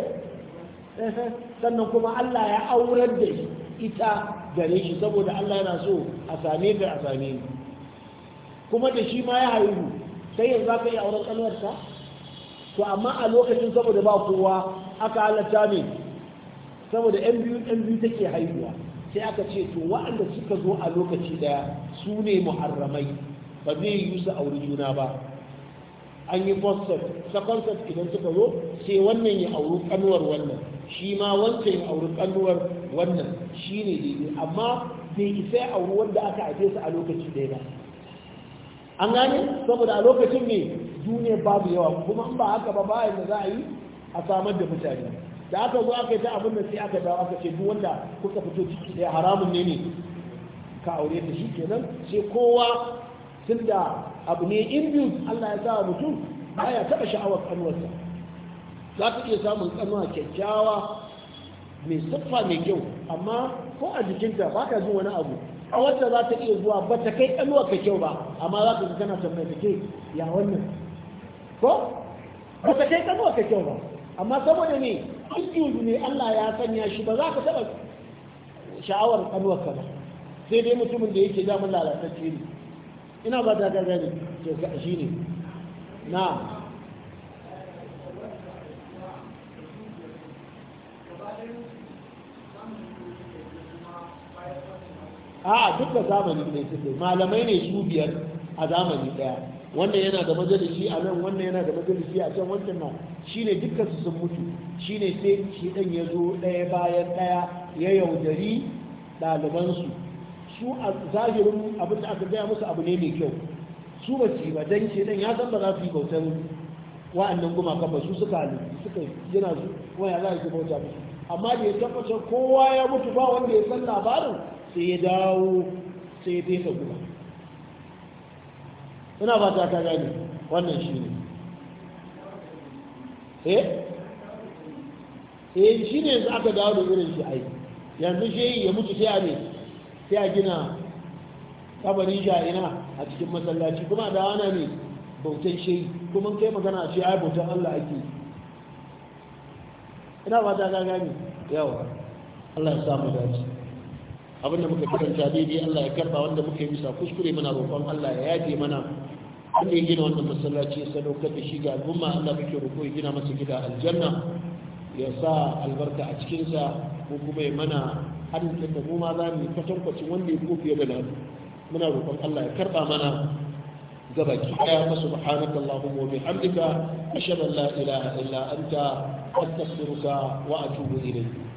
sannan kuma Allah ya aurar da ita gare shi saboda Allah yana so a same ka a same ni kuma da shi ma ya haihu sai yanzu za ka yi auren ƙalwarsa to amma a lokacin saboda ba kowa aka halatta ne saboda yan biyu yan biyu take haihuwa sai aka ce to waɗanda suka zo a lokaci ɗaya su ne muharramai ba zai yi su auri juna ba an yi ta concept idan suka zo sai wannan ya auri kanuwar wannan shi ma wancan ya auri kanuwar wannan shi ne daidai amma bai isa ya auri wanda aka aje su a lokaci ɗaya ba an gane saboda a lokacin ne duniya babu yawa kuma ba haka ba bayan da za a yi a samar da mutane da aka zo aka yi ta abin da sai aka dawo aka ce duk wanda kuka fito ciki daya haramun ne ne ka aure ta shi kenan sai kowa tun da abu ne in biyu Allah ya sa wa mutum ya taɓa sha'awar kanuwarsa za ka iya samun kanuwa kyakkyawa mai siffa mai kyau amma ko a jikinta ba ka jin wani abu a wata za ta iya zuwa ba ta kai kanuwa ka kyau ba amma za ka kana tambayar ta ke ya wannan ko ba ta kai kanuwa ka kyau ba amma saboda ne issues ne Allah ya sanya shi ba za ka taɓa sha'awar ƙanuwarka ba sai dai mutumin da yake damar lalatacce ne ina ba ta ne to ka shi ne na a duk da zamani ne suke malamai ne su biyar a zamani daya wannan yana da majalisi a nan wannan yana da majalisi a can wancan na shine dukkan su sun mutu shine sai shi dan ya zo daya bayan daya ya yaudari ɗaliban su su a zahirin abin da aka gaya musu abu ne mai kyau su ba ci ba dan shi dan ya san ba za su yi bautan wa'annan gumaka ba su suka halu suka yana su waya za su bauta musu amma da ya tabbatar kowa ya mutu ba wanda ya san labarin sai ya dawo sai ya fesa gumaka ina ba ta ka gane wannan shi ne eh eh shi ne yanzu aka dawo da irin shi ai yanzu shi ya mutu sai a ne sai a gina kabarin shi a ina a cikin masallaci kuma da wana ne bautan shi kuma kai magana shi ai bautan Allah ake ina ba ta ka gane yawa Allah ya samu dace abinda muka karanta daidai Allah ya karba wanda muka yi bisa kuskure mana roƙon Allah ya yaje mana wanda gina wannan masallaci ya sadaukar da shi ga al'umma Allah muke roƙo ya gina masa gida aljanna ya sa albarka a cikinsa ko kuma ya mana arzikin da mu ma za mu kwatankwacin wanda ya kofi da nan muna roƙon Allah ya karɓa mana gaba ɗaya masu subhanaka Allahumma wa bihamdika ashhadu an la ilaha illa anta astaghfiruka wa atubu ilayk